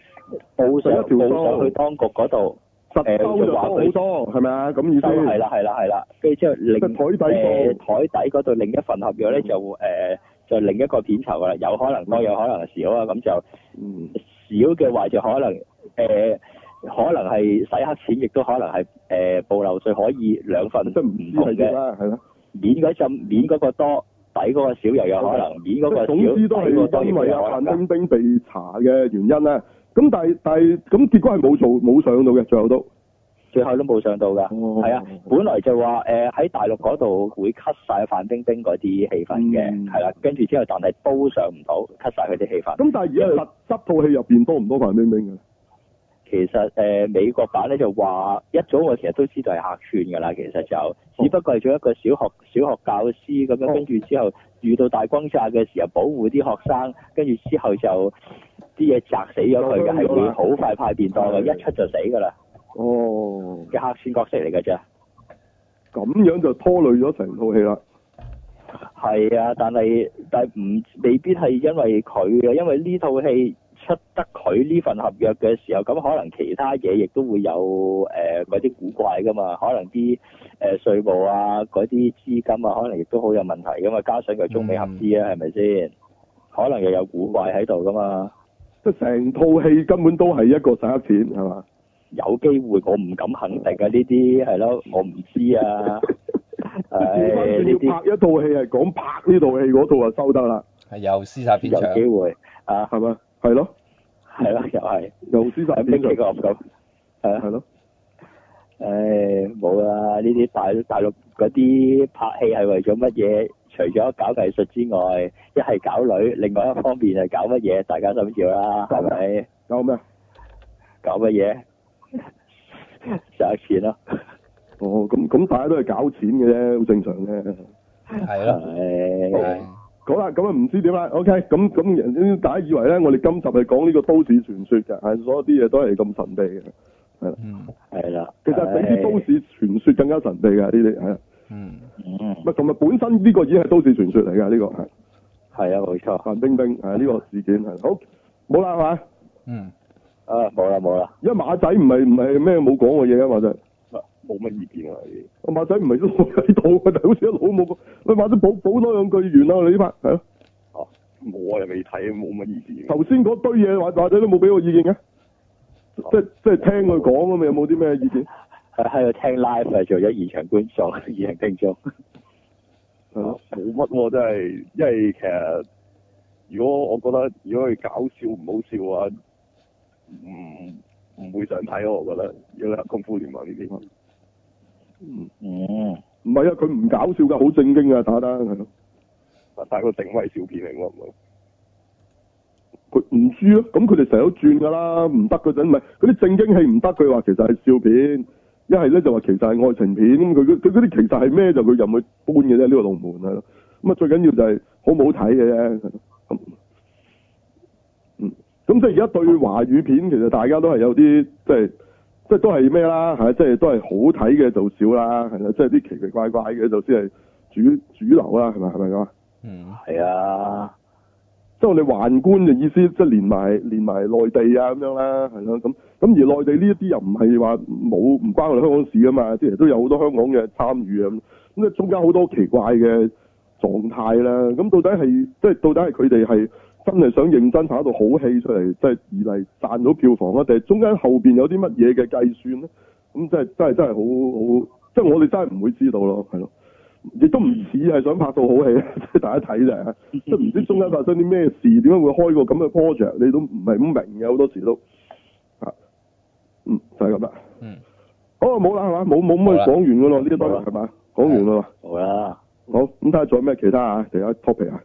報上報上去當局嗰度。呃、收咗多好多，係咪啊？咁意思係啦，係啦，係啦，跟住之後另誒台底嗰度、呃、另一份合約咧就誒、嗯呃、就另一個片酬㗎啦，有可能多，有、嗯、可能係少啊。咁就嗯少嘅話就可能誒、呃、可能係洗黑錢，亦都可能係誒報漏稅，呃、以可以兩份都唔同嘅。係咯，面嗰陣面嗰個多，底嗰個少又有可能。面、嗯、嗰個少。總之都係因為、啊、有范冰冰被查嘅原因咧。咁但係但係，咁結果係冇做冇上到嘅，最後都最後都冇上到㗎，係、哦、啊、哦，本來就話誒喺大陸嗰度會 cut 曬范冰冰嗰啲戲份嘅，係、嗯、啦，跟住、啊、之後但係都上唔到，cut 曬佢啲戲份。咁但係而家實質套戲入邊多唔多范冰冰嘅？其實誒、呃、美國版咧就話一早我其實都知道係客串㗎啦，其實就只不過係做一個小學小學教師咁樣，跟、哦、住之後遇到大轟炸嘅時候保護啲學生，跟住之後就。啲嘢砸死咗佢係會好快派便當嘅，一出就死噶啦。哦，嘅客串角色嚟嘅啫。咁樣就拖累咗成套戲啦。係啊，但係但係唔未必係因為佢嘅，因為呢套戲出得佢呢份合約嘅時候，咁可能其他嘢亦都會有誒，啲、呃、古怪噶嘛。可能啲誒稅務啊，嗰啲資金啊，可能亦都好有問題噶嘛。加上佢中美合資啊，係咪先？可能又有古怪喺度噶嘛。成套戲根本都係一個洗黑錢，係嘛？有機會我唔敢肯定嘅呢啲係咯，我唔知道啊。唉、 哎，要，要拍一套戲係講拍呢套戲嗰套就收得啦。係有私殺片場，有機會啊？係嘛？係咯，係咯又係又撕殺片場，係 咯又是。唉， 冇 啦又是，呢 啲又是 是的、 哎、大大陸嗰啲拍戲係為咗乜嘢？除咗搞藝術之外，一係搞女，另外一方面係搞乜嘢？大家心照啦，係咪？搞咩？搞乜嘢？就係 錢咯、啊。哦，咁咁，大家都係搞錢嘅啫，好正常嘅。係咯，係。好啦，咁啊，唔知點啦。OK，咁咁，大家以為咧，我哋今集係講呢個都市傳說嘅，係所有啲嘢都係咁神秘嘅，係啦，係啦。其實比啲都市傳說更加神秘嘅呢啲，係。嗯，嗯係，同埋本身呢個已經係都市傳說嚟噶，呢、這個係係啊，冇錯。范冰冰，係呢、這個事件係好冇啦，係嘛？嗯，啊冇啦冇啦。因為馬仔唔係唔係咩冇講嘢啊？馬仔冇乜、啊、意見啊？我馬仔唔係都冇睇到，但係好似一路都冇。喂，馬仔補補、嗯、多兩句完啦，你呢 part 係咯？哦，啊、我又未睇，冇、啊、乜意見。頭先嗰堆嘢馬仔都冇俾我意見嘅，即即係聽佢講咁啊？有冇啲咩意見？喺度聽 live 啊，做咗現場觀眾、現場聽眾，啊冇乜喎，真係，因為其實如果我覺得如果佢搞笑唔好笑嘅話，唔唔會想睇我，覺得要睇功夫聯盟呢啲。嗯，唔、嗯、係、嗯嗯、啊，佢唔搞笑噶，好正經噶打得，啊，但係定位係笑片嚟，佢唔知咯、啊，咁佢哋成日都轉噶啦，唔得嗰陣唔係嗰啲正經戲唔得，佢話其實係笑片。一係咧就話其實係愛情片，佢佢佢嗰啲其實係咩就佢入去搬嘅啫，呢個龍門係咯。咁啊最緊要就係好唔好睇嘅啫。嗯，咁即係而家對華語片其實大家都係有啲即係即係都係咩啦係啊，即係都係好睇嘅就少啦，係啊，即係啲奇奇怪怪嘅就先係主主流啦，係咪係咪咁啊？嗯，係啊。即我哋橫觀嘅意思，即連埋連埋內地啊咁樣啦，係咯咁。咁而內地呢一啲又唔係話冇唔關我哋香港事㗎嘛，即係都有好多香港嘅參與咁。咁即中間好多奇怪嘅狀態啦。咁到底係即係到底係佢哋係真係想認真拍一套好戲出嚟，即係而嚟賺到票房啊？定係中間後面有啲乜嘢嘅計算咧？咁即係真係真係好好，即我哋真係唔會知道咯，係咯。亦都唔似係想拍套好戲，即係大家睇啫嚇，即係唔知中間發生啲咩事，點解會開個咁嘅 project？你都唔係咁明嘅，好多時都啊，嗯就係咁啦。嗯，好，冇啦係嘛，冇冇咩講完嘅咯，呢啲多謝係嘛，講完啦。好啦，好咁睇下仲有咩其他啊？其他 topic 啊。